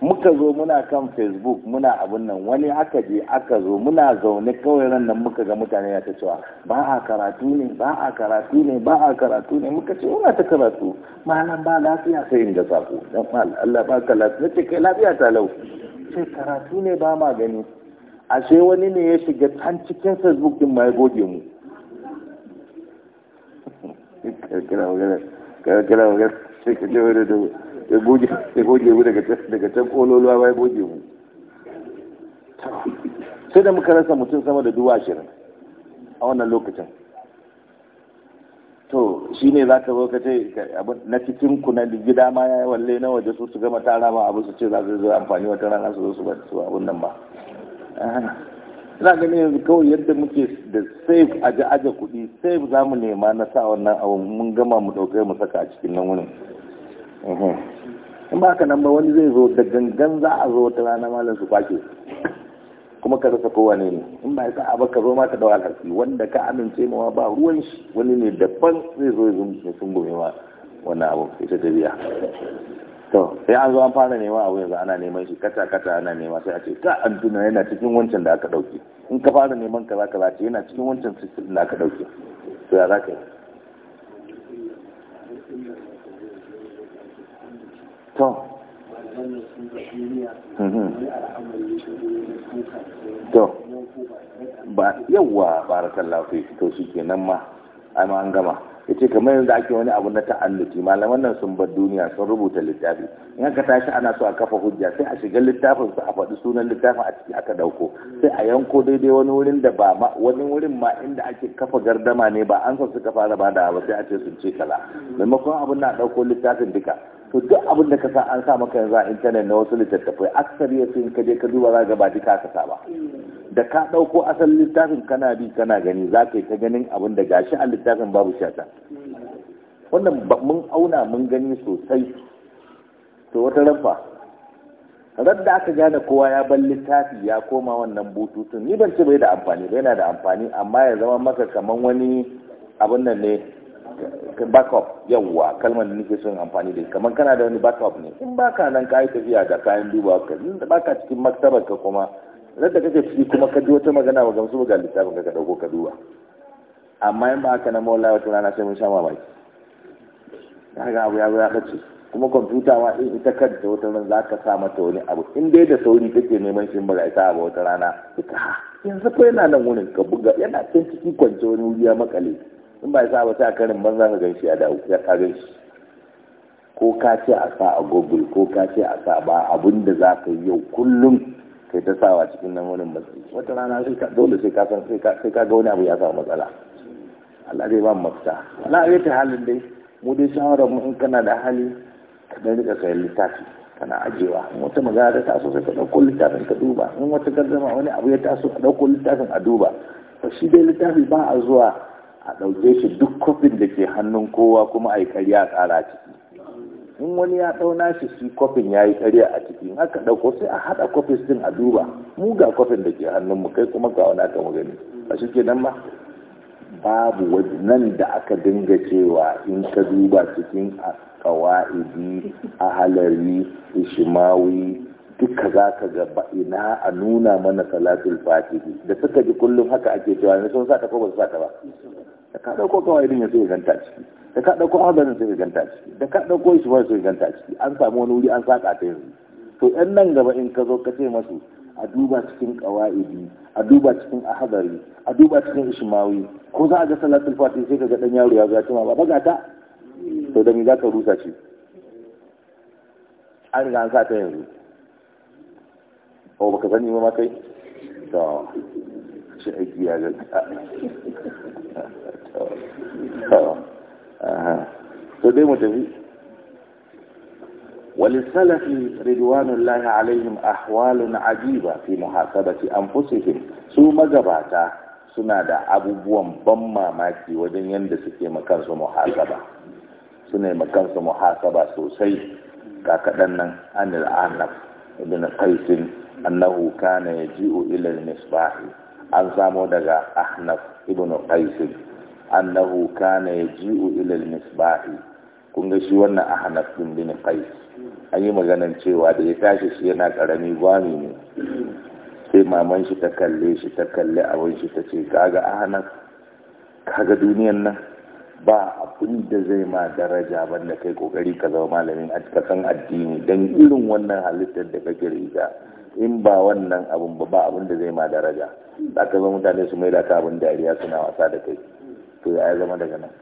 muka zo muna kan facebook muna abin nan wani aka je aka zo muna zaune kawai ran nan muka ga mutane ya ta cewa ba a karatu ne ba a karatu ne ba a karatu ne muka ce muna ta karatu malam ba lafiya sai inda sako dan Allah ba ka lafiya ce kai lafiya ta lau sai karatu ne ba ma gani ashe wani ne ya shiga can cikin facebook din ma ya goge mu kira kira kira kira kira ya goge mu daga can kololuwa bai goge mu sai da muka rasa mutum sama da duwa shirin a wannan lokacin to shi ne za ka zo ka ce na cikin ku na gida ma ya yi walle na waje su su gama tara ma abu su ce za su zo amfani wata rana su zo su bata su abun nan ba ah, ina ganin yanzu kawai yadda muke da safe aje aje kuɗi safe za mu nema na sa wannan abu mun gama mu ɗauke mu saka a cikin nan wurin in ba ka nan ba wani zai zo da gangan za a zo wata rana malam su kwake kuma ka rasa kowane ne in ba sa ba ka zo ma ka dawo alhaki wanda ka amince mawa ba ruwan shi wani ne daban zai zo sun gome ma wani abu ita ta biya to sai an zo an fara nema abu yanzu ana neman shi kata kata ana nema sai a ce ka an tuna yana cikin wancan da aka dauke in ka fara neman kaza kaza ce yana cikin wancan da aka dauke to ya za ka yi to mhm. to ba yawa barakan lafi to kenan ma ai an gama yace kamar yanzu ake wani abu na ta'alluti malaman nan sun bar duniya sun rubuta littafi in aka tashi ana so a kafa hujja sai a shiga littafin su a faɗi sunan littafin a ciki aka dauko sai a yanko daidai wani wurin da ba ma wani wurin ma inda ake kafa gardama ne ba an san suka fara bada ba sai a ce sun ce kala maimakon abin na dauko littafin duka to duk abin da ka sa an sa maka yanzu a intanet na wasu littattafai aksari ya sun ka je ka duba za ka ba duka ka sa ba da ka ɗauko asalin littafin kana bi kana gani za ka yi ta ganin abin da gashi a littafin babu shata wannan mun auna mun gani sosai to wata rafa rar da aka gane kowa ya bar littafi ya koma wannan bututun ni ban ce bai da amfani bai na da amfani amma ya zama maka kaman wani abin nan ne backup yawwa kalmar da nake son amfani da kamar kana da wani backup ne in baka nan ka yi tafiya da kayan duba ka in baka cikin maktabar ka kuma nan da kake ciki kuma ka ji wata magana ba gamsu ga littafin ka ka dauko ka duba amma in ba ka na mawala wata rana sai mun sha ma mamaki ga abu ya ga ya ci kuma kwamfuta ma in ita kanta wata rana za ka sa mata wani abu in dai da sauri kake neman shi ba ga ita ba wata rana ita yanzu fa yana nan wurin ka buga yana can ciki kwance wani wuri ya makale in ba sa wata sai a karin banza ka ganshi ya dawo ya ka shi? ko ka ce a sa a google ko ka ce a sa ba abin da za ka yi yau kullum kai ta sawa cikin nan wani matsayi wata rana sai ka dole sai ka san sai ka ga wani abu ya samu matsala Allah zai ba mu mafita Allah zai ta halin dai mu dai shawarar mu in kana da hali ka dan rika kai littafi kana ajewa in wata magana ta taso sai ka ɗauko littafin ka duba in wata gardama wani abu ya taso ka ɗauko littafin a duba Ba shi dai littafi ba a zuwa a ɗauke shi duk kofin da ke hannun kowa kuma a yi karya a ƙara ciki in wani ya ɗauna shi shi kofin ya yi karya a ciki in aka ɗauko sai a haɗa kofin sun a duba mu ga kofin da ke hannun mu kai kuma ga wani aka mu gani a shi ke nan ba babu wani nan da aka dinga cewa in ka duba cikin kawa'idi halari ishimawi duka za ka ga ina a nuna mana salatul fatihi da suka ji kullum haka ake cewa ne sun sa ta ko ba su sa ta ba da ka ɗauko kawai ya sai ganta ciki da ka ɗauko hadarin sai ganta ciki da ka ɗauko shi ba sai ganta ciki an samu wani wuri an saka ta yanzu to yan nan gaba in ka zo ka ce masu a duba cikin qawaidi a duba cikin ahadari a duba cikin ishmawi ko za a ga salatul fatih sai ka ga dan yaro ya ga tuma ba baga ta to da me za ka rusa shi an riga an sa ta yanzu o baka sani ma kai to shi aiki ya ga to dai mu tafi وللسلف رضوان الله عليهم أحوال muhasaba في an أنفسهم su magabata suna da abubuwan ban mamaki wajen yadda suke makansu muhasaba suna makansu muhasaba sosai ga kaɗan nan an al'anaf ibn qaisin annahu kana yaji'u ila al-misbah an samo daga ahnaf ibn qaisin annahu kana yaji'u ila al-misbah kun ga shi wannan ahnaf bin bin qais an yi maganan cewa da ya tashi shi yana karami gwami ne sai maman shi ta kalle shi ta kalle wani shi ta ce kaga ahnaf kaga duniyan nan ba abin da zai ma daraja banda kai kokari ka zama malamin a addini dan irin wannan halittar da kake riga in ba wannan abun ba ba abin da zai ma daraja da ka zama mutane su mai da ka abin dariya suna wasa da kai to ya zama daga nan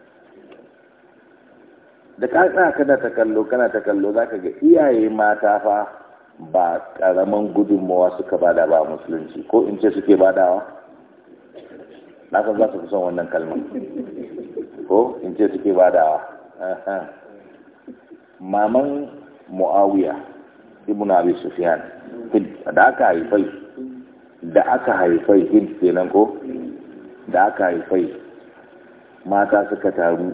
da ka tsaya kana ta kallo kana ta kallo za ka ga iyaye mata fa ba karaman gudunmawa suka bada ba musulunci ko in ce suke badawa na san za su fi son wannan kalmar ko in ce suke badawa maman mu'awiya ibn abi sufyan da aka haifai da aka haifai hint kenan ko da aka haifai mata suka taru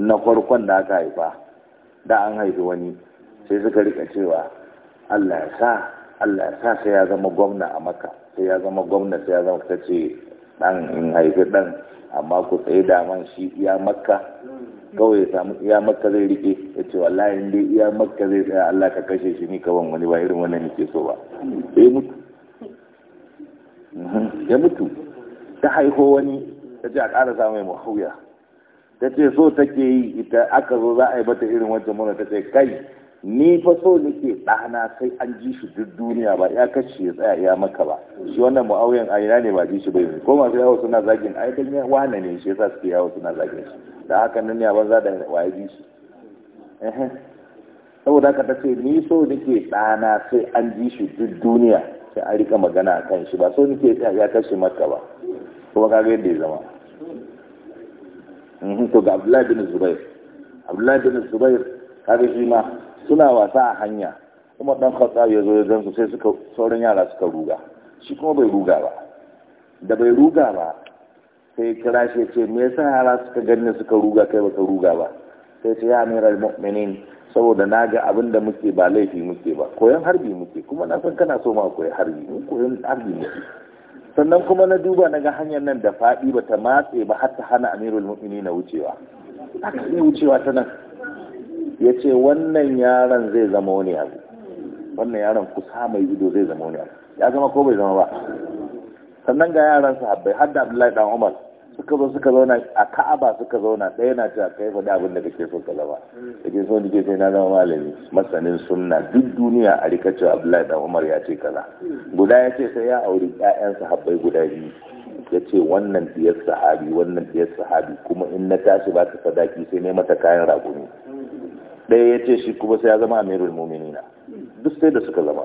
na farkon da aka haifa da an haifi wani sai suka rika cewa Allah ya sa Allah ya sa sai ya zama gwamna a maka sai ya zama gwamna sai ya zama ta ce dan in haifi dan amma ku tsaye da man shi iya makka kawai ya samu iya makka zai rike ya ce wallahi in dai iya makka zai tsaya Allah ka kashe shi ni kawan wani ba irin wannan nake so ba ya mutu ya mutu ta haiho wani ta ce a ƙara samun mai muhawiya ta ce so take yi ita aka zo za a yi mata irin wancan mura ta ce kai ni fa so nake ɗana sai an ji shi duk duniya ba ya kashe ya tsaya ya maka ba shi wannan mu'awiyan a ina ne ba ji shi bai ko masu yawo suna zagin ai dan ya wane ne shi yasa suke yawo suna zagin shi da haka nan ya banza da waye ji shi saboda haka ta ce ni so nake ɗana sai an ji shi duk duniya sai an rika magana a kan shi ba so nake ya kashe maka ba kuma kaga yadda ya zama Mhm, to ga abdullahi bin zubair abdullahi bin zubair kaga shi ma suna wasa a hanya kuma dan khattab ya zo ya gansu sai suka sauran yara suka ruga shi kuma bai ruga ba da bai ruga ba sai kira shi ce me yasa yara suka ganni suka ruga kai baka ruga ba sai ce ya amiral mu'minin saboda na ga abin da muke ba laifi muke ba koyon harbi muke kuma na san kana so ma koyon harbi mun koyon harbi muke sannan kuma na duba na ga hanyar nan da faɗi ba ta matse ba har ta hana amirul mu'mini na wucewa aka yi wucewa ta nan ya ce wannan yaron zai zama wani abu wannan yaron kusa mai ido zai zama wani abu ya zama ko bai zama ba sannan ga yaran sahabbai har da abdullahi dan umar suka zo suka zauna a ka'aba suka zauna ɗaya na cewa kai faɗi abin da kake so ka zama kake so ke sai na zama malami masanin sunna duk duniya a rika cewa Abdullahi dan Umar ya ce kaza guda ya ce sai ya auri ƴaƴansa sahabbai guda biyu ya ce wannan diyar sahabi wannan diyar sahabi kuma in na tashi ba ta sadaki sai ne mata kayan raguni ɗaya ya ce shi kuma sai ya zama amirul muminina duk sai da suka zama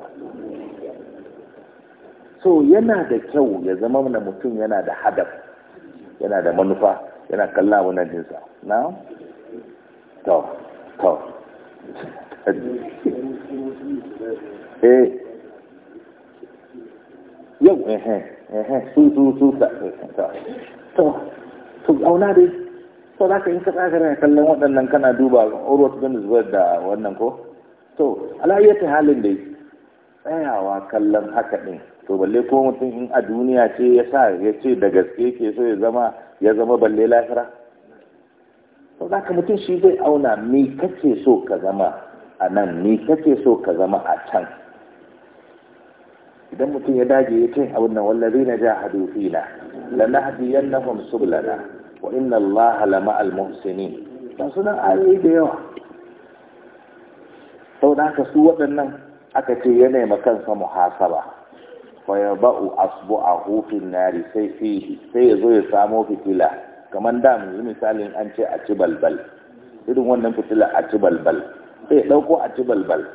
so yana da kyau ya zama na mutum yana da hadaf yana da manufa yana kalla wannan jinsa na to to eh yau eh, eh eh su su su ta to to auna dai to za ka yi ka tsaka kallon waɗannan kana duba urwatu bin zubair da wannan ko to ala halin dai tsayawa kallon haka din to balle ko mutum in a duniya ce ya sa ya ce da gaske ke so ya zama ya zama balle lahira to ka mutum shi zai auna me kake so ka zama a nan me kake so ka zama a can idan mutum ya dage ya ce abin nan wallazi na hadu fina lanahdiyannahum sublana wa inna allaha lama'al muhsinin dan sunan ayoyi da yawa sau da haka su waɗannan aka ce ya makansa kansa muhasaba faya ba'u asbu a hufin nari sai fihi sai ya zo ya samo fitila kamar da yanzu misalin an ce a ci balbal irin wannan fitila a ci balbal sai ya ɗauko a ci balbal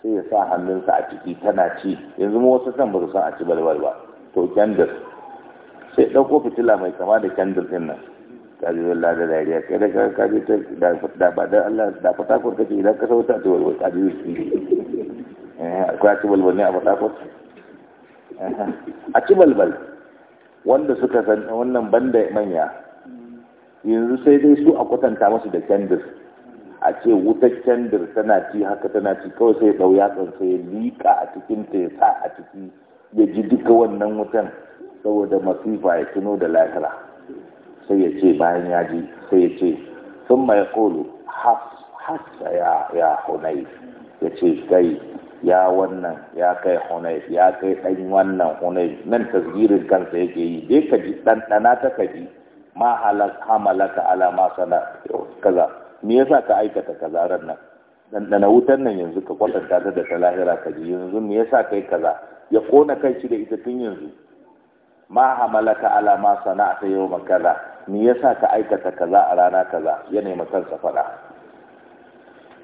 sai ya sa hannunsa a ciki tana ci yanzu mu wasu san ba su san a ci balbal ba to kyandir sai ɗauko fitila mai kama da kyandir din nan kaji lada da yariya kai da ka kaji ta da ba da Allah da fata ko kace idan ka sauta to wai kaji eh akwai ci balbal ne a fata ko a ci balbal wanda suka san wannan banda manya yanzu sai dai su a kwatanta masu da kendir a ce wutar kendir tana ci haka tana ci kawai sai ɗau yatsan sai liƙa a cikin ta ya sa a ciki ya ji duka wannan wutan saboda masifa ya tuno da lahira sai ya ce bayan ya ji sai ya ce sun mai kolo hasa ya hunai ya ce kai ya wannan ya kai hunai ya kai ɗan wannan hunai nan tasgirin kansa yake yi dai ka ji ɗanɗana ta ka ji ma hamalaka ala ma sana kaza me yasa ka aikata kaza ran nan ɗanɗana wutan nan yanzu ka kwatanta ta da ta lahira ka ji yanzu me yasa kai kaza ya kona kai shi da ita tun yanzu ma hamalaka ala ma ta yau kaza me yasa ka aikata kaza a rana kaza ya nemi kansa faɗa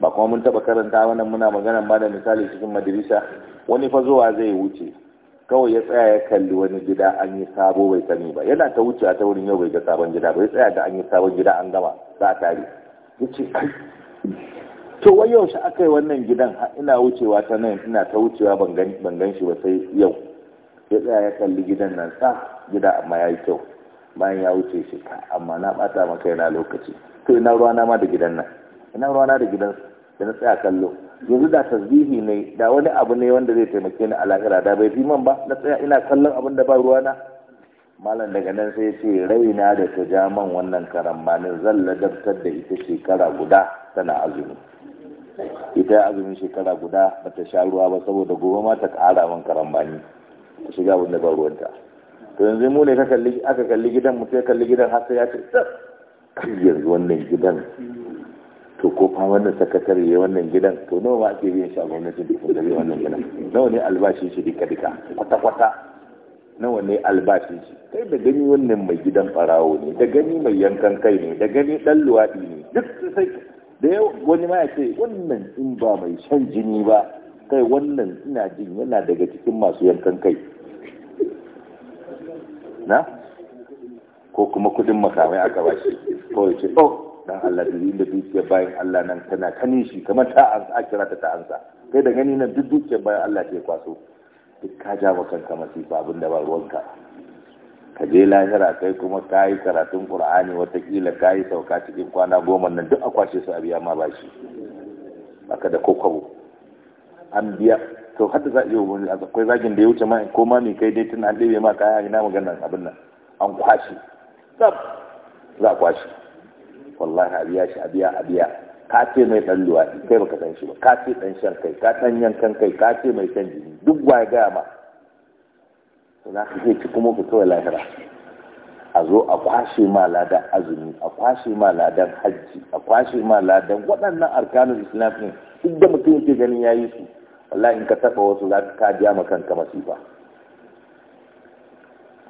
ba kuma mun taba karanta wannan muna magana ba da misali cikin madarisa wani fa zuwa zai wuce kawai ya tsaya ya kalli wani gida an yi sabo bai sani ba yana ta wuce a ta wurin yau bai ga sabon gida bai tsaya da an yi sabon gida an gama za a tare wuce ce to wai shi aka yi wannan gidan ina wucewa ta nan ina ta wucewa ban gan shi ba sai yau ya tsaya ya kalli gidan nan sa gida amma ya yi kyau bayan ya wuce shi amma na bata maka yana lokaci to ina ruwa na ma da gidan nan ina ruwana da gidansu da na tsaya kallo yanzu da tasbihi ne da wani abu ne wanda zai taimake ni a lahira da bai fi man ba na tsaya ina kallon abin da ba ruwana malam daga nan sai ce raina da ta ja man wannan karan ba ni ladabtar da ita shekara guda tana azumi ita azumin shekara guda ba ta sha ruwa ba saboda gobe ma ta kara man karan ba ta shiga abin da ba ruwanta to yanzu mu ne aka kalli gidan mu sai kalli gidan har sai ya ce yanzu wannan gidan to ko fa wannan sakatare ya wannan gidan to nawa ba ake biyan shi a da kuma da wannan gidan nawa ne albashin shi dika dika kwata kwata nawa ne albashin shi kai da gani wannan mai gidan barawo ne da gani mai yankan kai ne da gani dan luwaɗi ne duk sai da yau wani ma ya ce wannan in ba mai shan jini ba kai wannan ina jin yana daga cikin masu yankan kai na ko kuma kudin makamai aka bashi ko ya ce oh dan Allah da da dukiyar bayan Allah nan tana kanin shi kamar ta an a kira ta ta ansa kai da gani nan duk dukiyar bayan Allah ke kwaso duk ka ja wa kanka masifa abin da ba ruwanka ka je lahira kai kuma ka yi karatun qur'ani watakila ka yi sauka cikin kwana goma nan duk a kwashe su a biya ma bashi baka da kokobo an biya to hadda za a iya wani akwai zagin da ya wuce ma ko ma mai kai dai tun an ɗebe ma kaya ina maganar abin nan an kwashe za a kwashe wallahi a biya shi a biya a ka ce mai dan luwaɗi kai baka san shi ba ka ce dan shan kai ka dan yankan kai ka ce mai san jini duk waye gaya ma to za ka ki kuma ku kawai lahira a zo a kwashe ma ladan azumi a kwashe ma ladan hajji a kwashe ma ladan waɗannan arkanun islam ɗin duk da mutum yake ganin yayi su wallahi in ka taɓa wasu za ka biya ma kanka masifa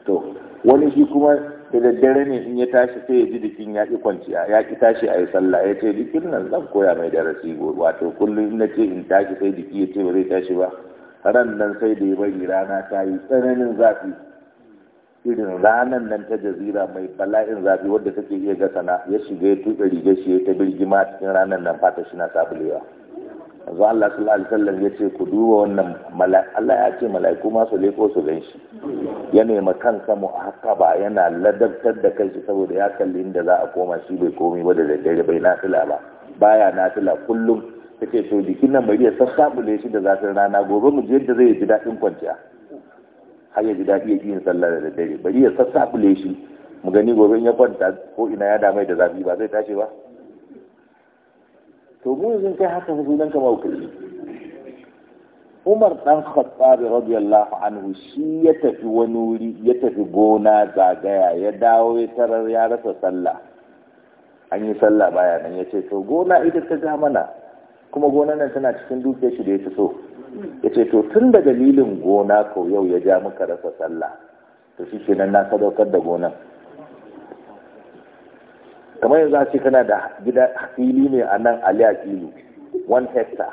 to wani shi kuma da daddare ne in ya tashi sai ya ji jikin ya ƙi kwanciya ya ƙi tashi a yi sallah ya ce jikin nan zan koya mai darasi gobe wato kullum na ce in tashi sai jiki ya ce ba zai tashi ba ran nan sai da ya bari rana ta yi tsananin zafi irin ranan nan ta jazira mai bala'in zafi wadda take iya gasana ya shiga ya tuɓe rigar shi ya ta birgima cikin ranar nan fata shi na sabulewa. yanzu Allah sallallahu alaihi wasallam ya ce ku duba wannan Allah ya ce mala'iku ma su leko su gan shi ya nema kansa ba yana ladabtar da kai shi saboda ya kalli inda za a koma shi bai komi ba da daddare bai nasila ba baya nasila kullum ta ce to jikin nan bari ya sassabule shi da zafin rana gobe mu je yadda zai ji daɗin kwanciya har ya ji ya ya yin sallah da daddare bari ya sassabule shi mu gani gobe in ya kwanta ko ina ya damai da zafi ba zai tashi ba to mu yanzu kai haka sunan ka yi. Umar dan Khattab radiyallahu anhu shi ya tafi wani wuri ya tafi gona zagaya ya dawo ya tarar ya rasa sallah an yi sallah baya nan ya ce to gona ita ta ja mana kuma gona nan tana cikin dukiyar shi da ya so ya ce to tun da dalilin gona ko yau ya ja muka rasa sallah to shi kenan na sadaukar da gonan kamar yanzu a ce kana da gida fili ne a nan ali a kilo one hectare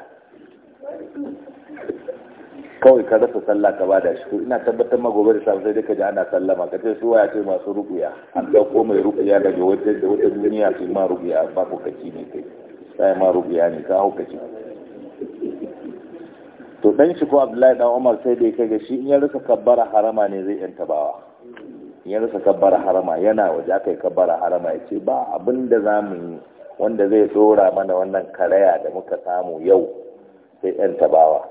kawai ka rasa sallah ka bada shi ko ina tabbatar ma gobe da safe sai dai ka ji ana sallama ka ce su waya ce masu rukuya an ko mai rukuya daga wata da wata duniya su ma rukuya ba ku kaci ne kai sai ma rukuya ne ka hauka ci to dan shi ko Abdullahi dan Umar sai dai kaga shi in ya rika kabbara harama ne zai yanta bawa ya rasa kabbara harama yana waje aka yi kabbara harama ya ce ba abin da za mu yi wanda zai tsora mana wannan karaya da muka samu yau sai yan tabawa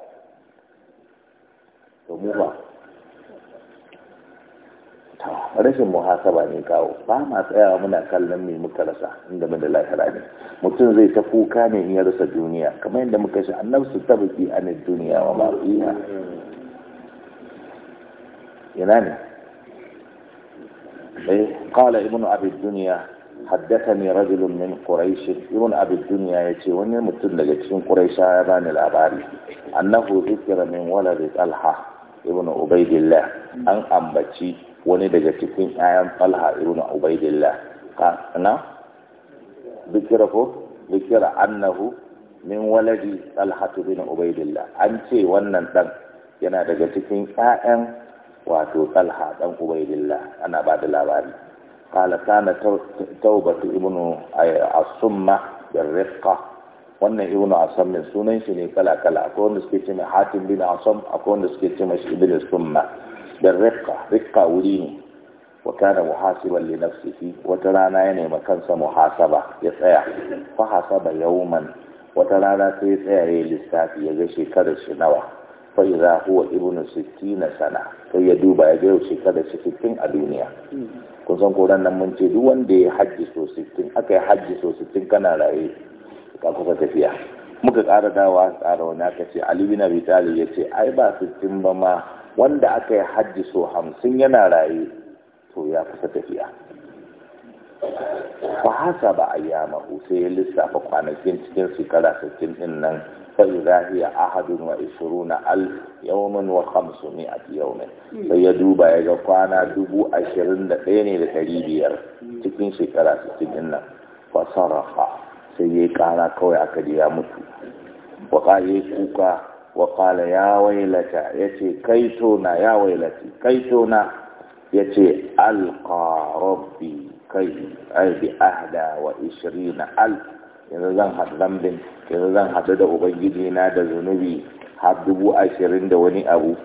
mu ba rashin muhasaba ne kawo ba ma tsayawa muna kallon mai muka rasa inda mu da lahira ne mutum zai ta kuka ne in ya rasa duniya kamar yadda muka shi annabsu a anid duniya wa ma yana ne قال ابن أبي الدنيا حدثني رجل من قريش ابن أبي الدنيا يتي وني متن daga cikin Quraisha ya bani labari annahu zikra min walad Talha ibn Ubaydillah an ambaci wani daga cikin ayan Talha ibn Ubaydillah kana zikra ko zikra annahu min waladi Talha ibn Ubaydillah an ce wannan dan yana daga cikin 'ya'yan. wato talha dan ubaidillah ana ba da labari qala kana taubatu ibnu asumma birrifqa wannan ibnu asam sunan shi ne kala kala akwai wanda suke mai hatim bin asam akwai wanda suke cewa shi ibnu summa birrifqa rifqa wuri ne wa kana muhasiban li nafsihi wata rana ya nema kansa muhasaba ya tsaya fa hasaba yawman wata rana sai ya tsaya ya lissafi ya ga shekarar shi nawa faiza huwa ibnu sittina sana sai ya duba ya ga shekara Sittin a duniya kun san koran nan mun ce duk wanda ya hajji so sittin aka yi hajji so sittin kana raye ka kusa tafiya muka ƙara dawa tsara wani aka ce Ali bin Abi Talib ya ce ai ba sittin ba ma wanda aka yi hajji so hamsin yana raye to ya kusa tafiya fa hasa ba ayyamahu sai ya lissafa kwanakin cikin shekara Sittin din nan فإذا هي أحد وعشرون ألف يوم وخمسمائة يوم فيدوب يجفانا دبو أشرين دقيني لحريبير تكين شكرا ستجنة فصرخ سيكانا كوي أكدي يموت وقال يكوكا وقال يا ويلتا يتي كيتونا يا ويلتي كيتونا يتي ألقى ربي كي أي بأهدى وعشرين ألف yanzu zan haɗu lambin yanzu zan haɗu da ubangiji na da zunubi har dubu ashirin da wani abu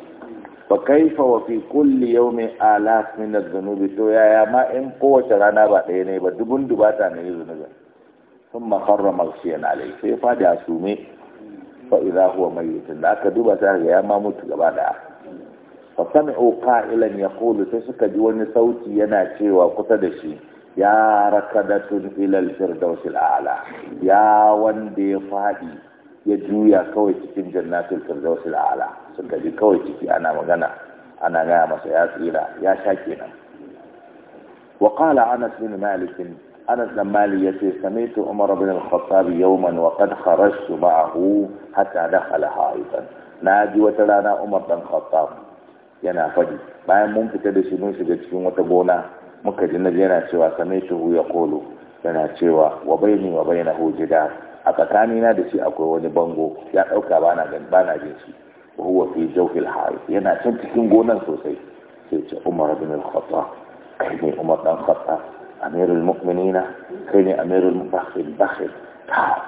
fa kai wa fi kulli yawmi alaf min zunubi to yaya ma in kowace rana ba ɗaya ne ba dubun dubata yi zunubin makarra kharra yana alai sai fadi asume fa iza huwa mayyitun da aka duba ta ga ya ma mutu gaba da fa sami'u qa'ilan yaqulu sai suka ji wani sauti yana cewa kusa da shi يا ركدة إلى الفردوس الأعلى يا وندي فادي يجو يا كوي تكين جنات الفردوس الأعلى سنجي كوي تكي أنا مغنى أنا غامة سياسيلا يا شاكينا وقال أنس بن مالك أنس لما لي سميت عمر بن الخطاب يوما وقد خرجت معه حتى دخل حائطا نادي وتلانا عمر بن الخطاب ينا فجي ما يمون تكدسي نوسي جتكين وتبونا muka ji na yana cewa same shi ya kolo yana cewa wa bai ni, wa bai na hu da. a tsakanina da shi akwai wani bango ya dauka bana gan bana jin shi huwa fi jawfil harith yana can cikin gonan sosai sai ce umar bin al-khattab kai ne umar dan khattab amirul mu'minina kai ne amirul bakhil bakhil ta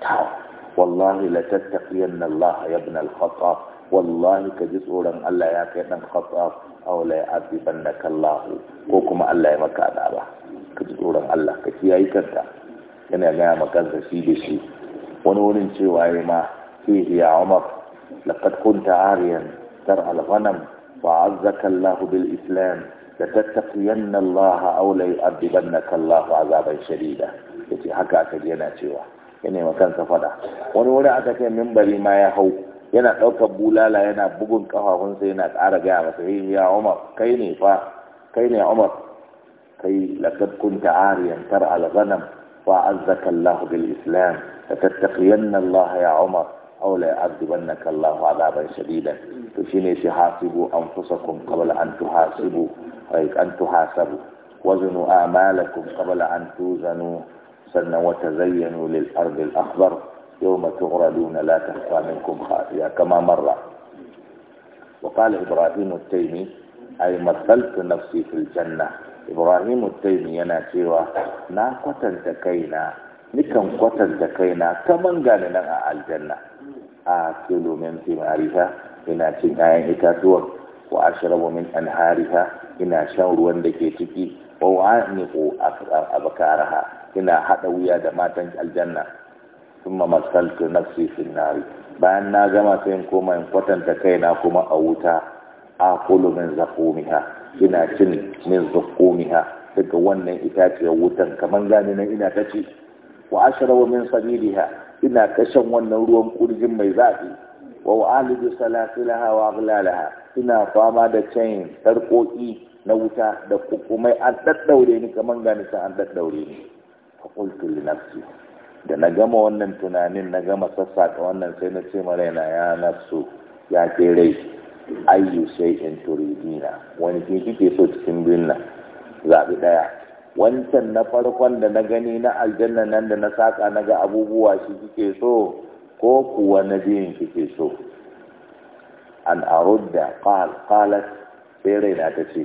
ta wallahi la tattaqiyanna allah ya ibn al-khattab wallahi ka ji tsoron allah ya kai dan khattab aw la ya'tifannaka Kallahu ko kuma Allah ya maka ba. ka ji tsoron Allah ka kiyaye kanta yana gaya kansa shi da shi wani wurin cewa ya ma fihi ya Umar laqad kunta ariyan tar'a al-ghanam fa'azzaka Allah bil Islam la tattaqiyanna Allah aw la Allah azaban shadida yace haka aka yana cewa yana kansa fada wani wuri aka kai minbari ma ya hau yana daukar bulala yana bugun kafafun sai yana ƙara ga masa yi ya umar kai ne fa kai ne umar kai laqad kunta ariyan tar al ghanam wa azzaka allah bil islam la tattaqiyanna allah ya umar aw la yu'adhibannaka allah adaban shadida to shine shi hasibu anfusakum qabla an tuhasibu ay an tuhasabu wazanu a'malakum qabla an tuzanu sannan wa tazayyanu lil ardi al akhdar يوم تغرلون لا تخفى منكم خافية كما مر وقال إبراهيم التيمي أي مثلت نفسي في الجنة إبراهيم التيمي يناتيوا نا قتل تكينا نكم قتل تكينا كمن قال لنا الجنة آكل من ثمارها إنا cin 'ya'yan وأشرب من أنهارها إنا شاور وندكي تكي وأعنق أبكارها إنا حتى ويادة ما abkaraha الجنة ma masaltu na sifin nari bayan na gama sai in koma in kwatanta kaina kuma a wuta aqulu min zakumiha ina cin min zakumiha daga wannan itaciyar wutan kamar gani nan ina ta ci wa ashrabu min sabiliha ina kashan wannan ruwan kurjin mai zafi wa wa'alidu salasilaha wa aghlalaha ina fama da chain sarkoki na wuta da kuma an daddaure ni kamar gani sai an daddaure ni fa qultu li nafsi da na gama wannan tunanin na gama sassaka wannan sai na ce mara yana ya nafsu ya ke rai ayyu sai in turidina wani ke kike so cikin binna zaɓi ɗaya wancan na farkon da na gani na aljanna nan da na saka na ga abubuwa shi kike so ko kuwa na biyan kike so an arudda qalat sai raina ta ce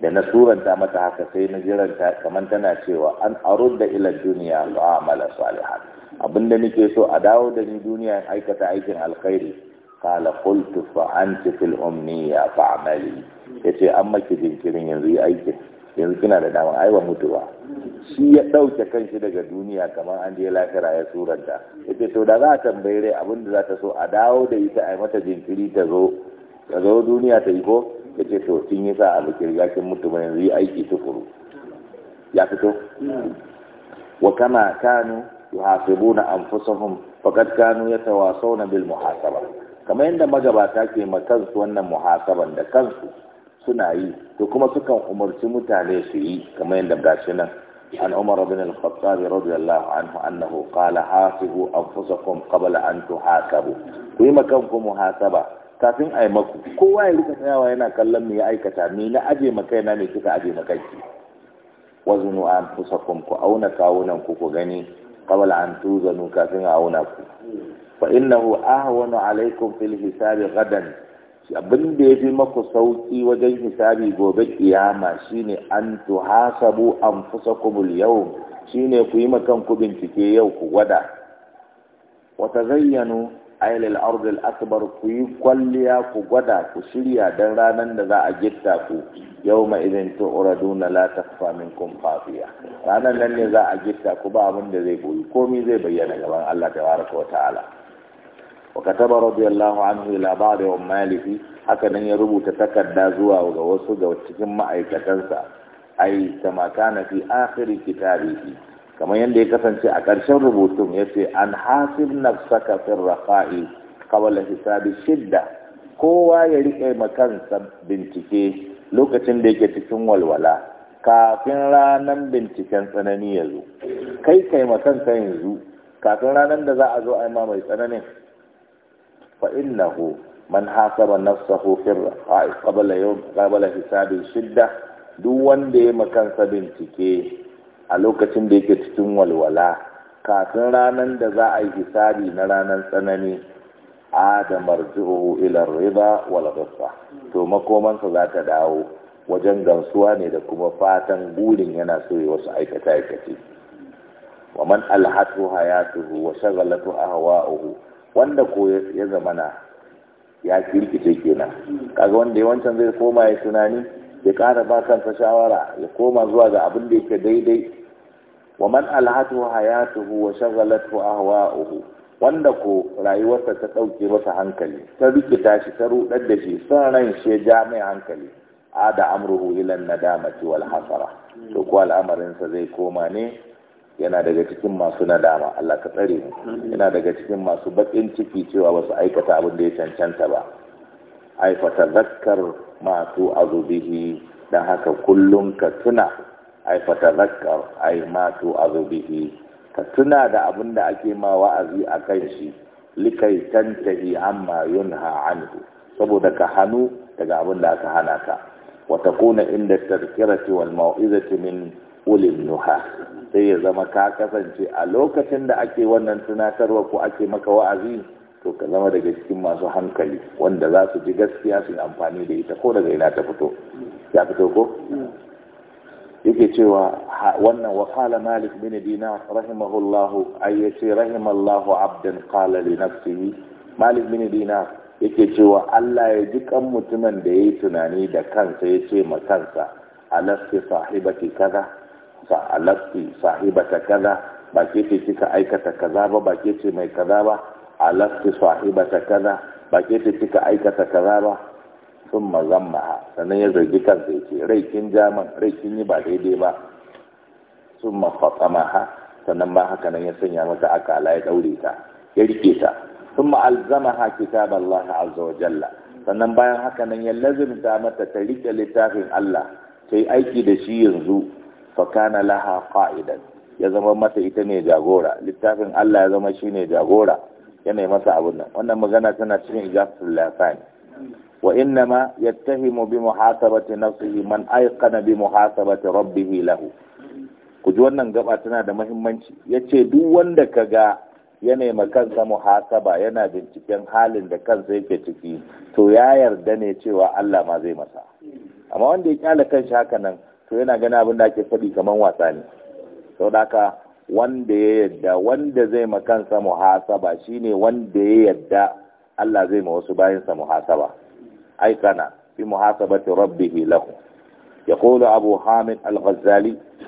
da na suranta mata haka sai na jiranta kamar tana cewa an da ilar duniya su amala salihan abinda nake so a dawo da ni duniya aikata aikin alkhairi kala kultu fa ci fil umniya fa amali yace an maki jinkirin yanzu yi aikin yanzu kina da dama aiwa mutuwa shi ya dauke kanshi daga duniya kamar an je lafiya ya suranta yace to da za a tambayi rai abinda za ta so a dawo da ita a mata jinkiri ta ta zo duniya ta yi ko ka ce to kin yi sa alkir ya kin mutu ba yi aiki tukuru ya fito wa kama kanu yuhasibuna anfusahum faqad kanu yatawasawna bil muhasaba kamar yadda magabata ke ma kansu wannan muhasaban da kansu suna yi to kuma sukan umarci mutane su yi kamar yadda gashi nan an umar bin al-khattab radiyallahu anhu annahu qala hasibu anfusakum qabla an tuhasabu ku yi makanku muhasaba kafin a yi maku kowa ya rika tsayawa yana kallon mu ya aikata ni na aje makai na me kika aje makai wazunu an fusakum ku auna kawunan ku ku gani kawala an tuzanu kafin a auna ku fa innahu ahwanu alaikum fil hisabi gadan abin da yafi maku sauki wajen hisabi gobe kiyama shine an tuhasabu anfusakum al yawm shine ku yi makan ku bincike yau ku gwada wa tazayyanu ailil ardil akbar ku yi kwalliya ku gwada ku shirya don ranar da za a gitta ku yau ma idan tu'raduna la ranar nan ne za a gitta ku ba abin da zai boyi komai zai bayyana gaban Allah tabaraka wa ta'ala wa kataba radiyallahu anhu ila ba'd ummalihi haka nan ya rubuta takarda zuwa ga wasu ga cikin ma'aikatansa ai kama kana fi akhir kitabihi kamar yadda ya kasance a ƙarshen rubutun ya ce an hasib saka fin rafa'i kawala hisabi shidda kowa ya riƙe makansa bincike lokacin da yake cikin walwala kafin ranar binciken tsanani ya zo kai kai makansa yanzu kafin ranar da za a zo a yi mai tsananin na innahu man hasaba nafsahu fin rafa'i qabla hisabi shidda duk wanda ya makansa bincike a lokacin da yake cikin walwala kafin ranar da za a yi hisabi na ranar tsanani adamar marzuhu ilar riba wal to makomansa za ta dawo wajen gamsuwa ne da kuma fatan gurin yana so ya wasu aikata aikace wa man alhatu hayatuhu wa shagalatu ahwa'uhu wanda ko ya zamana ya kirkice kenan kaga wanda yawancin zai koma ya tunani ya ƙara ba kansa shawara ya koma zuwa ga abin da yake daidai wa man alhatu hayatuhu wa shaghalatu ahwa'uhu wanda ko rayuwarsa ta ɗauke masa hankali ta rikita shi ta rudar da shi san ran shi ya ja mai hankali ada amruhu ila nadamati wal hasara to ko al'amarin sa zai koma ne yana daga cikin masu nadama Allah ka tsare mu yana daga cikin masu bakin ciki cewa ba su aikata abin da ya cancanta ba ai fatadhakkar ma tu'azu bihi dan haka kullum ka tuna ai fatadhakkar ai ma tu'azu bihi ka tuna da abin da ake ma wa'azi a kan shi likai tantahi amma yunha anhu saboda ka hannu daga abin da aka hana ka wa kuna inda tadhkirati wal mau'izati min ulil nuha sai ya zama ka kasance a lokacin da ake wannan tunatarwa ko ake maka wa'azi to ka zama daga cikin masu hankali wanda za su ji gaskiya su amfani da ita ko daga ina ta fito ya fito ko yake cewa wannan wa qala malik bin dina rahimahullahu ay yace rahimallahu abdan qala li nafsihi malik bin dina yake cewa Allah ya ji kan mutumin da yayi tunani da kansa yace ma kansa alasti sahibati kaza sa alasti sahibata kaza ba ke ce kika aikata kaza ba ba ke ce mai kaza ba alasti sahibata kaza ba ke ta kika aikata kaza ba sun mazamma sannan ya zargi kansa ya ce rai kin ja man rai kin yi ba daidai ba sun mafatsama ha sannan ba haka nan ya sanya mata akala ya daure ta ya rike ta sun ma'alzama ha kitab Allah azza wa jalla sannan bayan haka nan ya lazimta mata ta rike littafin Allah ta yi aiki da shi yanzu fa kana laha qa'idan ya zama mata ita ne jagora littafin Allah ya zama shi ne jagora yana masa abun nan wannan magana tana cikin ijazatul lafani wa ma yattahimu bi muhasabati nafsihi man ayqana bi muhasabati rabbih lahu ku ji wannan gaba tana da muhimmanci yace duk wanda kaga yana ma kansa muhasaba yana binciken halin da kansa yake ciki to ya yarda ne cewa Allah ma zai masa amma wanda ya kyale kanshi haka nan to yana gani abin da ake faɗi kaman wasa ne saboda haka wanda ya yadda wanda zai ma kansa muhasaba shine wanda ya yadda Allah zai ma wasu bayansa muhasaba ai kana fi muhasabati rabbih lahu yaqulu abu hamid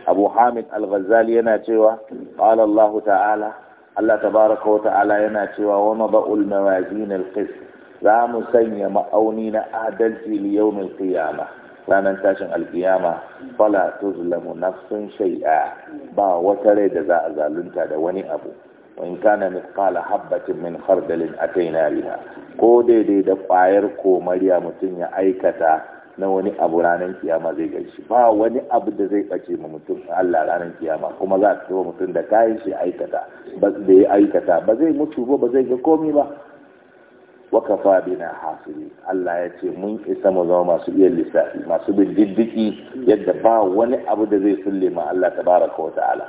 abu hamid al-ghazali yana cewa qala Allah ta'ala Allah tabaraka wa ta'ala yana cewa wa naba'ul mawazin al-qist za mu sanya ma'auni na adalci li yawm al ranar tashin alkiyama fala tuzlamu nafsun shai'a ba wata rai da za a zalunta da wani abu wa in kana kala habbatin min khardalin ataina biha ko daidai da kwayar komariya mutum ya aikata na wani abu ranar kiyama zai gaishe ba wani abu da zai ɓace ma mutum Allah ranar kiyama kuma za a tsawo mutum da kayan shi aikata ba zai aikata ba zai mutu ba ba zai ga komi ba wa faɗi na hasiri Allah ya ce mun isa mu zama masu iya lissafi masu bin diddiki yadda ba wani abu da zai sulle ma Allah tabaraka wa ta'ala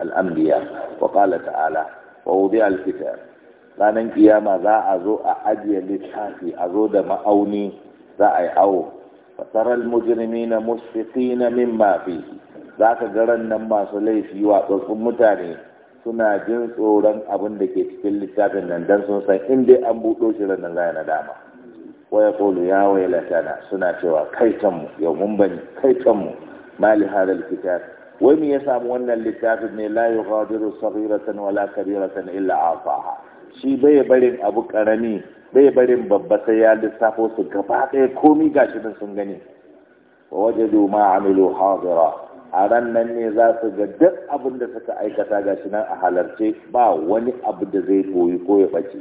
al-anbiya wa qala ta'ala wa wudi al-kitab ranan kiyama za a zo a ajiye littafi a zo da ma'auni za a yi awo fasarar mujrimina musfiqina mimma fihi zaka ga rannan nan masu laifi wa mutane suna jin tsoron abin da ke cikin littafin nan dan sun san in dai an buɗo shi ranar gaya na dama waya Kulu ya waya latana suna cewa kai mu yau mun bani kai mu mali hadal kitab wai me ya samu wannan littafin ne la yughadiru saghiratan wala kabiratan illa asaha shi bai barin abu karami bai barin babba sai ya lissafo su gaba ɗaya komi gashi nan sun gani wa wajadu ma amilu hadira a ran nan ne za su ga duk abin da suka aikata ga shi nan a halarce ba wani abu da zai koyi ko ya ɓace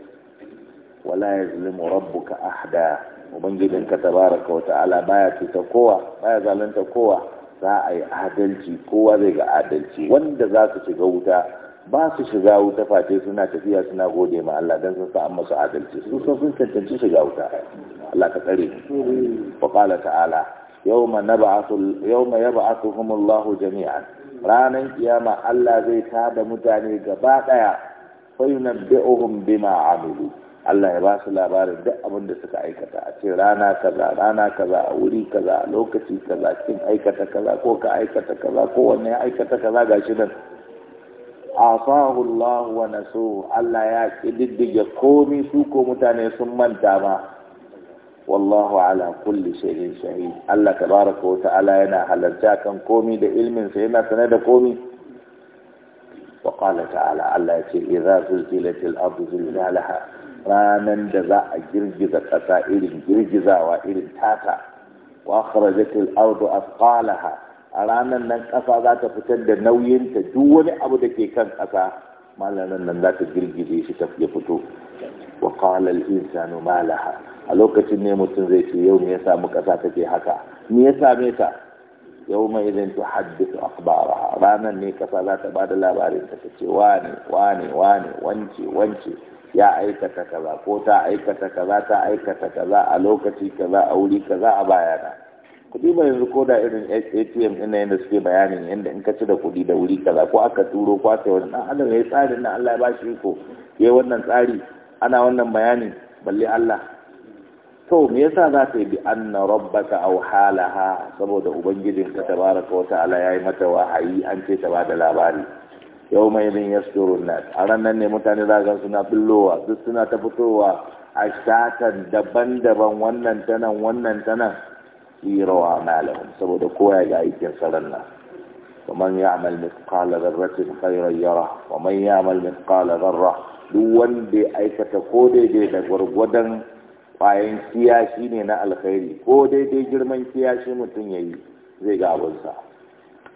wala ya zulimu rabbuka ahda ubangijin ka tabaraka wa ta'ala baya cuta kowa baya zalunta kowa za a yi adalci kowa zai ga adalci wanda za su shiga wuta ba su shiga wuta face suna tafiya suna gode ma Allah dan sun sa'an masu adalci su sun cancanci shiga wuta Allah ka tsare Ba qala ta'ala yawma nab'athu yawma yab'athuhum Allahu jami'an ranan kiyama Allah zai tada mutane gaba daya fa yunabbi'uhum bima amilu Allah ya ba su labarin duk abin da suka aikata a ce rana kaza rana kaza wuri kaza lokaci kaza kin aikata kaza ko ka aikata kaza ko wanne ya aikata kaza gashi nan asahu Allah wa nasu Allah ya kididdige komi su ko mutane sun manta ma wallahu ala kulli shay'in shahid Allah tabaraka wa ta'ala yana halarta kan komi da ilminsa. yana sanar da komi wa qala ta'ala Allah ya ce idza zulzilatil ardu zilzalaha ranan da za a girgiza kasa irin girgizawa irin tata wa akhrajatil ardu athqalaha a ranan nan ƙasa za ta fitar da nauyinta duk wani abu da ke kan ƙasa. malamin nan za ta girgize shi ta fito wa qala al insanu a lokacin ne mutum zai ce yau me ya mu kasa take haka me yasa same ta yau mai idan tu haddisu akhbara ranan ne kasa za ta bada labarin ta ta ce wane wane wane wance wance ya aikata kaza ko ta aikata kaza ta aikata kaza a lokaci kaza a wuri kaza a bayana kuɗi ba yanzu ko da irin atm din na da suke bayanin yadda in ka ci da kuɗi da wuri kaza ko aka turo ko aka wani dan adam ya tsarin na allah ya bashi ko ya wannan tsari ana wannan bayanin balle allah to me yasa za ta yi bi anna rabbaka aw halaha saboda ubangijin ka tabaraka wa ta'ala yayi mata wahayi an ce ta bada labari yau mai bin yasturun nas a ranar ne mutane za ga suna billowa duk suna ta fitowa a shatan daban-daban wannan tanan wannan tanan sirawa malahum saboda kowa ga aikin saran nan ومن يعمل مثقال ذرة خيرا يره ومن يعمل مثقال ذرة duk wanda aikata ko daidai da gwargwadon ƙwayan kiyashi ne na alkhairi ko daidai girman kiyashi mutum ya yi zai ga abinsa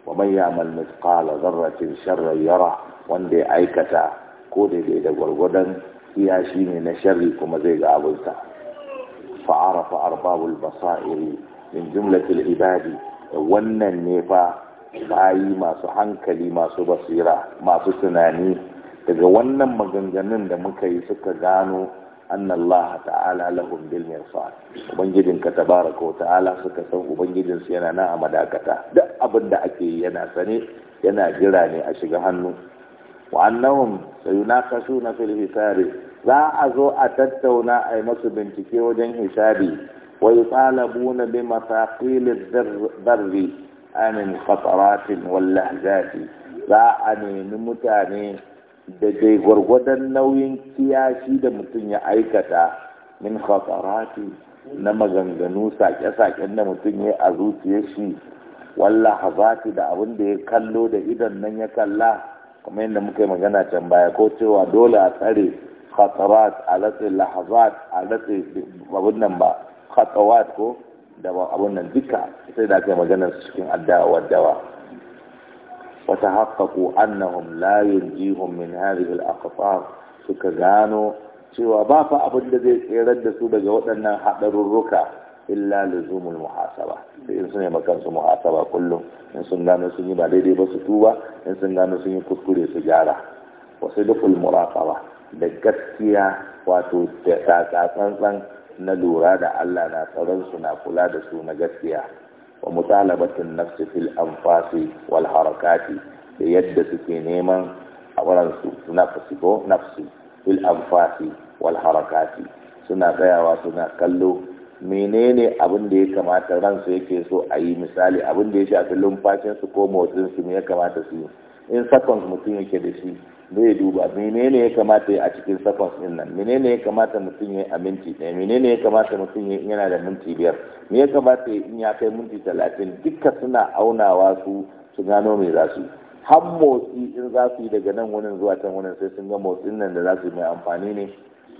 wa man ya'mal mithqala dharratin sharran yara wanda ya aikata ko daidai da gwargwadon kiyashi ne na sharri kuma zai ga abinsa fa arafa arbabul basairi min jumlatil ibadi wannan ne fa bayi masu hankali masu basira masu tunani daga wannan maganganun da muka yi suka gano أن الله تعالى لهم بالمرصاد وبنجدين كتبارك وتعالى سكسوه وبنجدين سينا نعم داكتا دا أبدا أكي ينا سني ينا جلاني أشغهنو وأنهم سيناقشون في الحساب لا أزو أتتونا أي مصبين تكيو جن حسابي ويطالبون بمثاقيل الذر أن خطرات واللهزات لا أني نمتاني da dai gwargwadon nauyin kiyashi da mutum ya aikata min khasarati na maganganu sake-saken da mutum ya a zuciyar shi walla hazati da abin da ya kallo da idan nan ya kalla kuma yadda muka yi magana can baya ko cewa dole a tsare khasarat a latse lahazat a latse abin nan ba khatawat ko da abin nan duka sai da aka yi maganar cikin addawa dawa وتحققوا أنهم لا ينجيهم من هذه الأقطار gano cewa ba fa abin da zai tserar da su daga waɗannan haɗarurruka illa luzumul muhasaba sai in sun yi makansu muhasaba kullum in sun gano sun yi ba daidai ba su tuba in sun gano sun yi kuskure su gyara wasu dukul muraqaba da gaskiya wato da tsantsan na lura da Allah na tsaron na kula da su na gaskiya wa mutalabatin nafsi fil anfasi wal harakati da yadda suke neman a su nafsi ko nafsi fil anfasi wal harakati suna tsayawa suna kallo menene abin da ya kamata ransu yake so a yi misali abin da ya shafi lumfashinsu ko motsinsu me ya kamata su yi in seconds mutum yake da shi zai duba menene ya kamata a cikin seconds din nan menene ya kamata mutum ya a minti ɗaya menene ya kamata mutum ya yana da minti biyar me ya kamata in ya kai minti talatin duka suna aunawa su su gano me za su har motsi in za su yi daga nan wani zuwa can wani sai sun ga motsin nan da za su yi mai amfani ne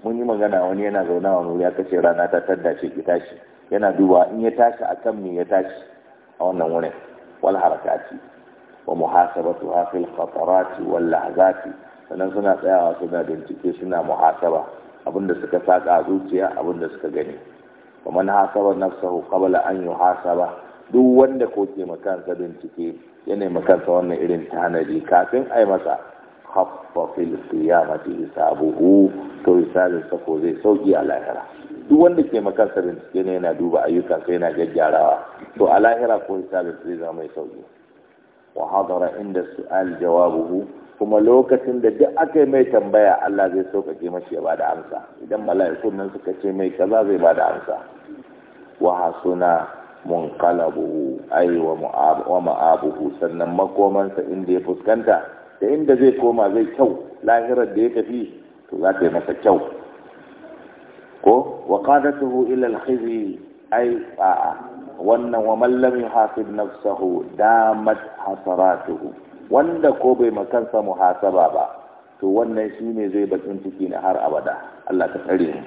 mun yi magana wani yana zaune a wani ya kace rana ta taddace ki tashi yana duba in ya tashi akan me ya tashi a wannan wurin wal harakati wa muhasabatuha fil khatarati wal lahzati sanan suna tsayawa suna bincike suna muhasaba abinda suka saka a zuciya abinda suka gani wa man hasaba nafsahu qabla an yuhasaba duk wanda ko ke sa bincike yana sa wannan irin tanadi kafin ai masa khaffa fil qiyamati hisabuhu to hisabin sa ko zai sauki a lahira duk wanda ke sa bincike ne yana duba sai yana gaggarawa to a lahira ko hisabin zai zama mai sauki wa hadara inda su'al buhu? kuma lokacin da duk aka yi mai tambaya Allah zai sauƙaƙe mashi ya bada amsa idan mala'ikun nan suka ce mai kaza zai bada amsa wa hasuna munqalabuhu ay wa wa ma'abuhu sannan makomansa inda ya fuskanta da inda zai koma zai kyau lahirar da ya tafi to za ta yi masa kyau ko wa qadatuhu ila al-khizi ay a'a wannan wa mallam yuhasib nafsahu damat hasaratuhu wanda ko bai makansa muhasaba ba to wannan shine zai bakin ciki na har abada Allah ka tsare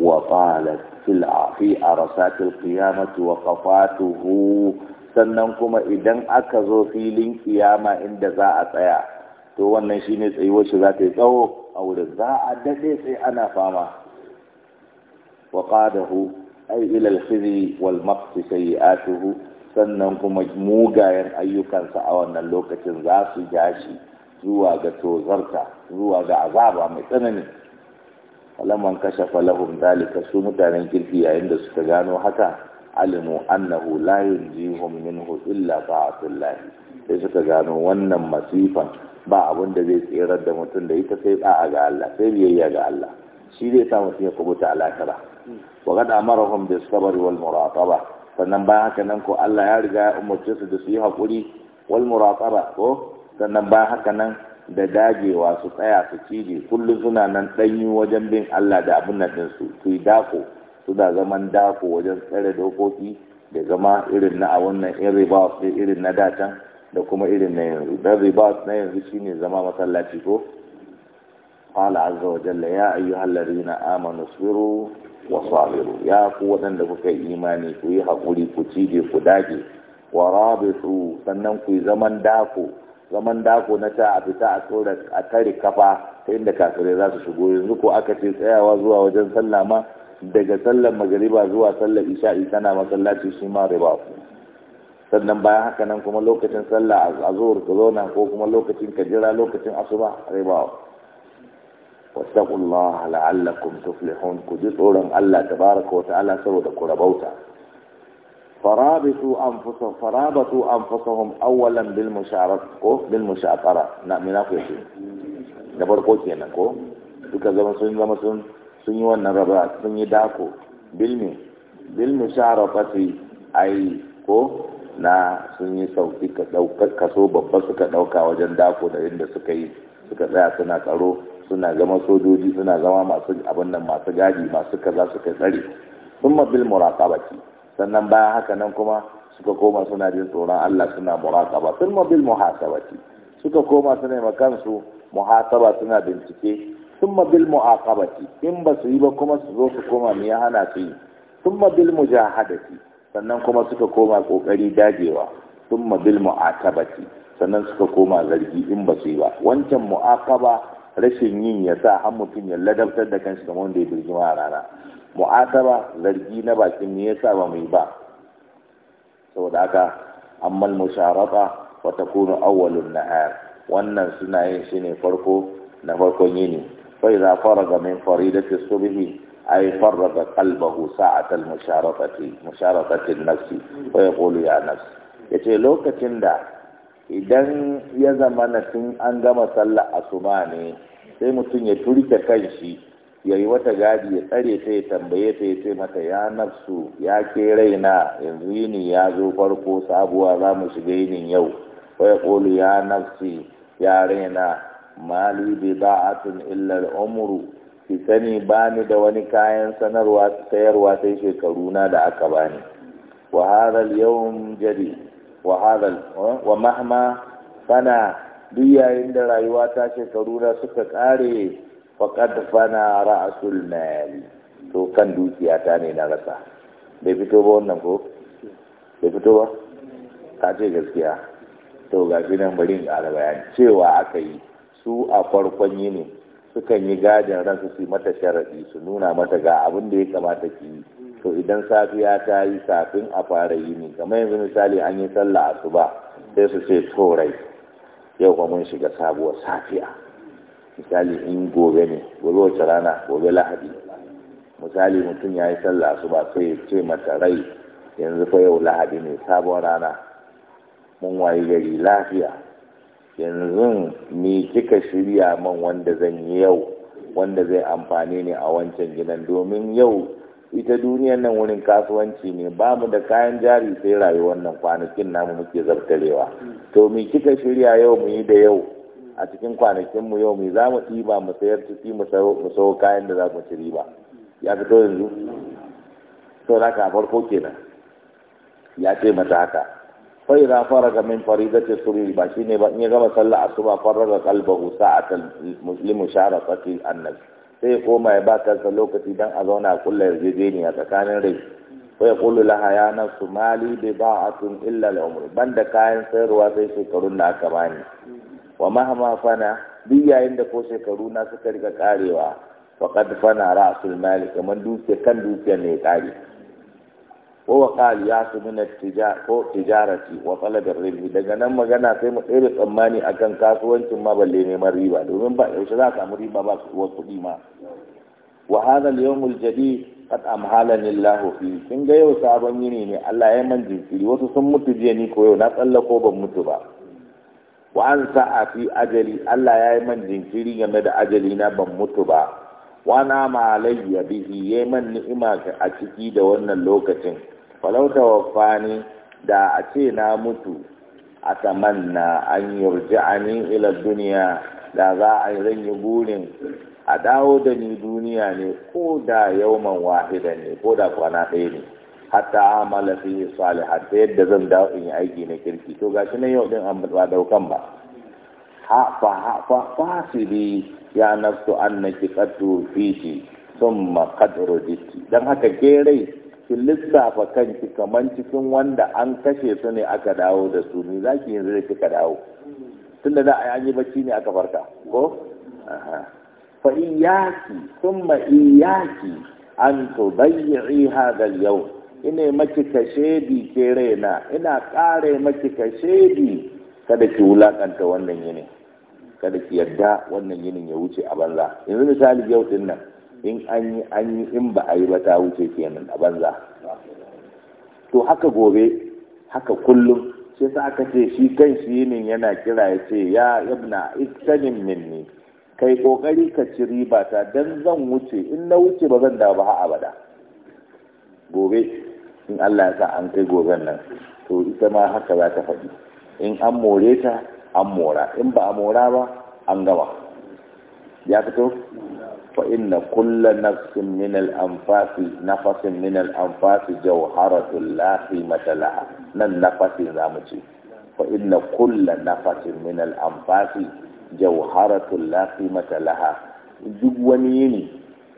wa talat fil afi arasatil qiyamati wa qafatuhu sannan kuma idan aka zo filin kiyama inda za a tsaya to wannan shine tsayuwar shi za ta yi tsawo a wurin za a dade sai ana fama wa qadahu ai ilal khizi wal maqti sayi'atuhu sannan kuma mugayen ayyukansa a wannan lokacin za su gashi zuwa ga tozarta zuwa ga azaba mai tsanani falaman kashe falahun dalika su mutanen kirki yayin da suka gano haka alimu annahu la yunjihum minhu illa ta'atullah sai suka gano wannan masifan ba abin da zai tserar da mutum da ita sai da'a ga Allah sai biyayya ga Allah shi zai sa mutum ya kubuta alakara wa qad amarahum bis sabr wal muraqaba sannan bayan haka nan ko Allah ya riga ya umarce su da su yi hakuri wal muraqaba ko sannan bayan haka nan da dagewa su tsaya su cije kullum suna nan danyu wajen bin Allah da abin nan din su su yi dako su da zaman dako wajen tsare dokoki da zama irin na a wannan irin na datan da kuma irin na yanzu dan riba na yanzu shine zama masallaci ko قال عز وجل يا أيها الذين آمنوا اصبروا wasabiru ya ku waɗanda kuka yi imani ku yi hakuri ku cije ku dage wa rabitu sannan ku zaman dako na ta a fita a tsora a tare kafa ta inda kafirai za su shigo yanzu ko aka ce tsayawa zuwa wajen sallah ma daga sallar magariba zuwa sallar isha'i tana masallaci shi ma riba sannan bayan haka nan kuma lokacin sallah a zuwar ka zauna ko kuma lokacin ka jira lokacin asuba riba wasu Allah la'allakum tuflihun ku ji tsoron Allah ta baraka ta'ala saboda ku rabauta farabatu anfusahum awwalan bil musharat ko bil musharara na mina ku yi da farko kenan ko duka zama sun zama sun sun yi wannan raba sun yi dako bil mi bil musharafati ai ko na sun yi sauki ka daukar kaso babba suka dauka wajen dako da inda suka yi suka tsaya suna tsaro suna zama sojoji suna zama masu abin nan masu gadi masu kaza suka tsare sun mabil muraqabati sannan bayan haka nan kuma suka koma suna jin tsoron Allah suna muraqaba sun mabil muhasabati suka koma suna ma kansu muhasaba suna bincike sun mabil muaqabati in ba su yi ba kuma su zo su koma me ya hana su yi sun mabil mujahadati sannan kuma suka koma kokari dagewa sun mabil mu'atabati sannan suka koma zargi in ba su yi ba wancan mu'aqaba rashin yin ya sa har mutum ya ladabtar da kansa kamar wanda ya birgima a rana mu'ataba zargi na bakin ne sa ba mu ba saboda haka amma musharaba wa takunu na nahar wannan suna yin shi ne farko na farkon yini fa idza faraga min faridati subhi ay faraga qalbahu sa'atal musharatati musharatati nafsi wa yaqulu ya nafsi yace lokacin da idan ya zama na tun an gama sallah asuba ne sai mutum ya turke kanshi ya yi wata gadi ya tsare ta ya tambaye ta ya ce mata ya nafsu ya ke raina yanzu yini ya zo farko sabuwa za mu shiga yinin yau waya ƙolu ya nafsi ya raina mali bi ba'atun illar umru ki sani ba ni da wani kayan sanarwa sayarwa sai shekaru na da aka bani wa wahalar yawon yawm wa wa mahma fana duk yayin da rayuwa ta shekaru na suka kare faqad fana ra'sul mal to kan dukiya ta ne na rasa bai fito ba wannan ko bai fito ba ka ce gaskiya to ga shi nan bari in ƙara bayan cewa aka yi su a farkon yini sukan yi gadin ransu su mata sharaɗi su nuna mata ga abin da ya kamata ki yi to idan safiya ta yi safin a fara yini kamar yanzu misali an yi sallah asuba sai su ce torai yau kuma mun shiga sabuwar safiya misali in gobe ne gobe wace rana gobe lahadi misali mutum ya yi sallah asuba sai ya ce mata rai yanzu fa yau lahadi ne sabuwar rana mun wayi gari lafiya yanzu ni kika shirya man wanda zan yi yau wanda zai amfani ne a wancan gidan domin yau ita duniyar nan wurin kasuwanci ne ba mu da kayan jari sai rayuwar nan kwanakin namu muke zartarewa to me kika shirya yau mu yi da yau a cikin kwanakin mu yau me za mu ɗiba mu sayar ciki mu sayo kayan da za mu ci riba ya fito yanzu to na ka farko kenan ya ce mata haka fa idza faraga min faridati sururi ba shine ba in ya gama sallah asuba faraga qalbahu sa'atan muslimu sharafati annabi sai ya koma ya ba kansa lokaci don a zauna a kulla yarjejeniya tsakanin rai ko ya kullu laha ya su mali a tun illa al ban banda kayan sayarwa sai shekarun da aka bani wa mahama fana duk yayin da ko shekaru na suka rika karewa faqad fana ra'sul mali kamar dukiya kan dukiya ne ya kare ko wa ya su min ko tijarati wa talab ar daga nan magana sai mu tsere tsammani akan kasuwancin ma balle neman riba domin ba yaushe za a samu riba ba wasu kuɗi ma wa hadha al-yawm qad amhalani fi kin ga yau sabon yini ne Allah ya man jinkiri wasu sun mutu jiya ni ko yau na tsallako ban mutu ba wa an sa'a fi ajali Allah ya yi man jinkiri game da ajali na ban mutu ba wana na ma alayya bihi ya man ni'ima a ciki da wannan lokacin falau wafani da a ce na mutu a saman na an ni ila duniya da za a zan yi burin a dawo da ni duniya ne ko da man wahida ne ko da kwana ɗaya ne hatta amala fi salihat ta yadda zan dawo in yi aiki na kirki to gashi na yau din an ba daukan ba ha fa fa bi ya nafsu annaki qattu fihi thumma qad ruditi dan haka gerai. ki lissafa kanki kaman cikin wanda an kashe su ne aka dawo da su ne za ki yanzu da kika dawo tunda da a yi bacci ne aka farka ko fa iyaki thumma iyaki an tubayyi hadha yau yau ina maki kashedi ke raina ina kare maki kashedi kada ki wulakanta wannan yini kada ki yarda wannan yinin ya wuce a banza yanzu misali yau din nan in an yi an yi in ba a yi ba ta wuce kenan a banza to haka gobe haka kullum sai sa aka ce shi kai shi yinin yana kira ya ce ya ibna iktanim minni kai kokari ka ci riba ta dan zan wuce in na wuce ba zan dawo ba har abada gobe in Allah ya sa an kai goben nan to ita ma haka za ta faɗi in an more ta an mora in ba a mora ba an gama ya fito فإن كل نفس من الأنفاس نفس من الأنفاس جوهرة لا قيمة لها نفس زامتي فإن كل نفس من الأنفاس جوهرة لا قيمة لها duk wani yini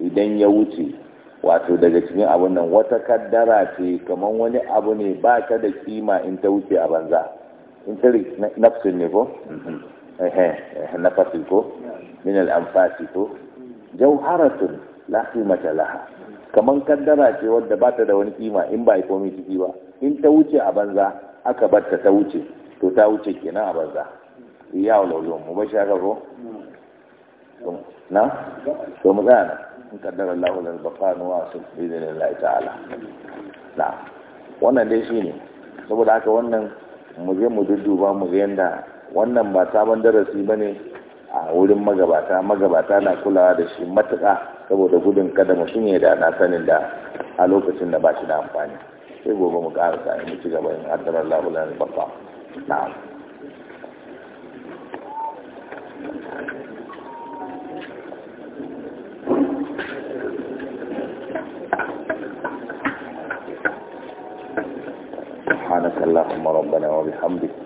idan ya wuce wato daga cikin abun nan wata kaddara ce kamar wani abu ne ba ta da kima in ta wuce a banza in ta nafsin ne ko? na ko? min al'amfasi ko? jauharatun la qimata laha kaman kaddara ce wadda bata da wani kima in ba komai ciki ba in ta wuce a banza aka batta ta wuce to ta wuce kenan a banza ya walwalo mu ba shi haka ko na to mu tsaya na in kaddara Allah wal baqan wa asul bi ta'ala na wannan dai shine saboda haka wannan mu je mu dudduba mu ga yanda wannan ba sabon darasi bane a wurin magabata magabata na kulawa da shi matuka saboda gudun kada mutum ya da na sanin da a lokacin da ba shi da amfani sai gobe mu ƙara sa mu ci gaba in addara Allah bula ni baka na'am سبحانك اللهم ربنا وبحمدك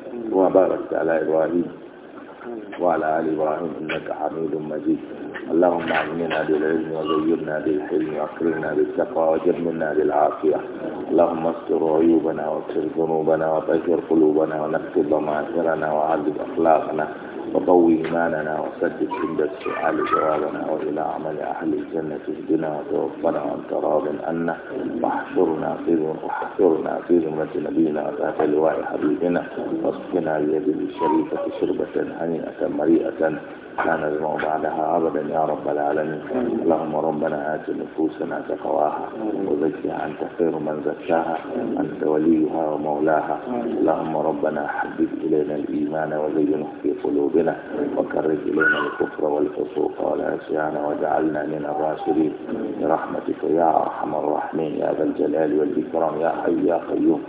وباركت على إبراهيم وعلى آل إبراهيم إنك حميد مجيد اللهم أغننا بالعلم وزينا بالحلم وأكرمنا بالتقوى وجنبنا بالعافية اللهم استر عيوبنا واغفر ذنوبنا وطهر قلوبنا ونكتب ضمائرنا وعذب أخلاقنا وقوي إيماننا وسدد عند السؤال جوابنا وإلى عمل أهل الجنة اهدنا وتوفنا وأنت راض عنا واحشرنا في واحشرنا في ذمة نبينا ذات لواء حبيبنا واسقنا بيده الشريفة شربة هنيئة مريئة لا نجمع بعدها أبدا يا رب العالمين اللهم ربنا آت نفوسنا تقواها وزكها أنت خير من زكاها أنت وليها ومولاها اللهم ربنا حبب إلينا الإيمان وزينه في قلوبنا ربنا وكرر إلينا الكفر والفسوق والعصيان واجعلنا من الراشدين برحمتك يا أرحم الراحمين يا ذا الجلال والإكرام يا حي يا قيوم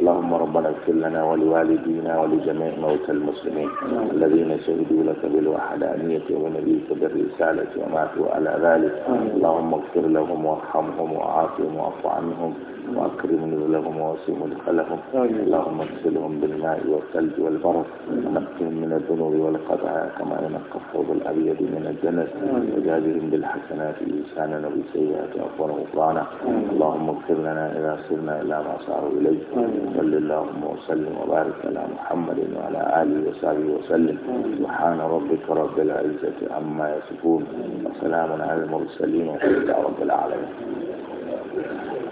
اللهم ربنا اغفر لنا ولوالدينا ولجميع موتى المسلمين الذين شهدوا لك بالوحدانية ونبيك بالرسالة وماتوا على ذلك اللهم اغفر لهم وارحمهم وعافهم واعف عنهم وأكرم نزلهم ووسم لهم اللهم اغسلهم بالماء والثلج والبرد ونقهم من الذنوب والقطع كما ينقى الثوب الأبيض من الجنس وجازهم بالحسنات إنسانا وبالسيئات عفوا غفرانا اللهم اغفر لنا إذا سرنا إلى ما صاروا إليه صل اللهم وسلم وبارك على محمد وعلى آله وصحبه وسلم سبحان ربك رب العزة عما يصفون وسلام على المرسلين والحمد لله رب العالمين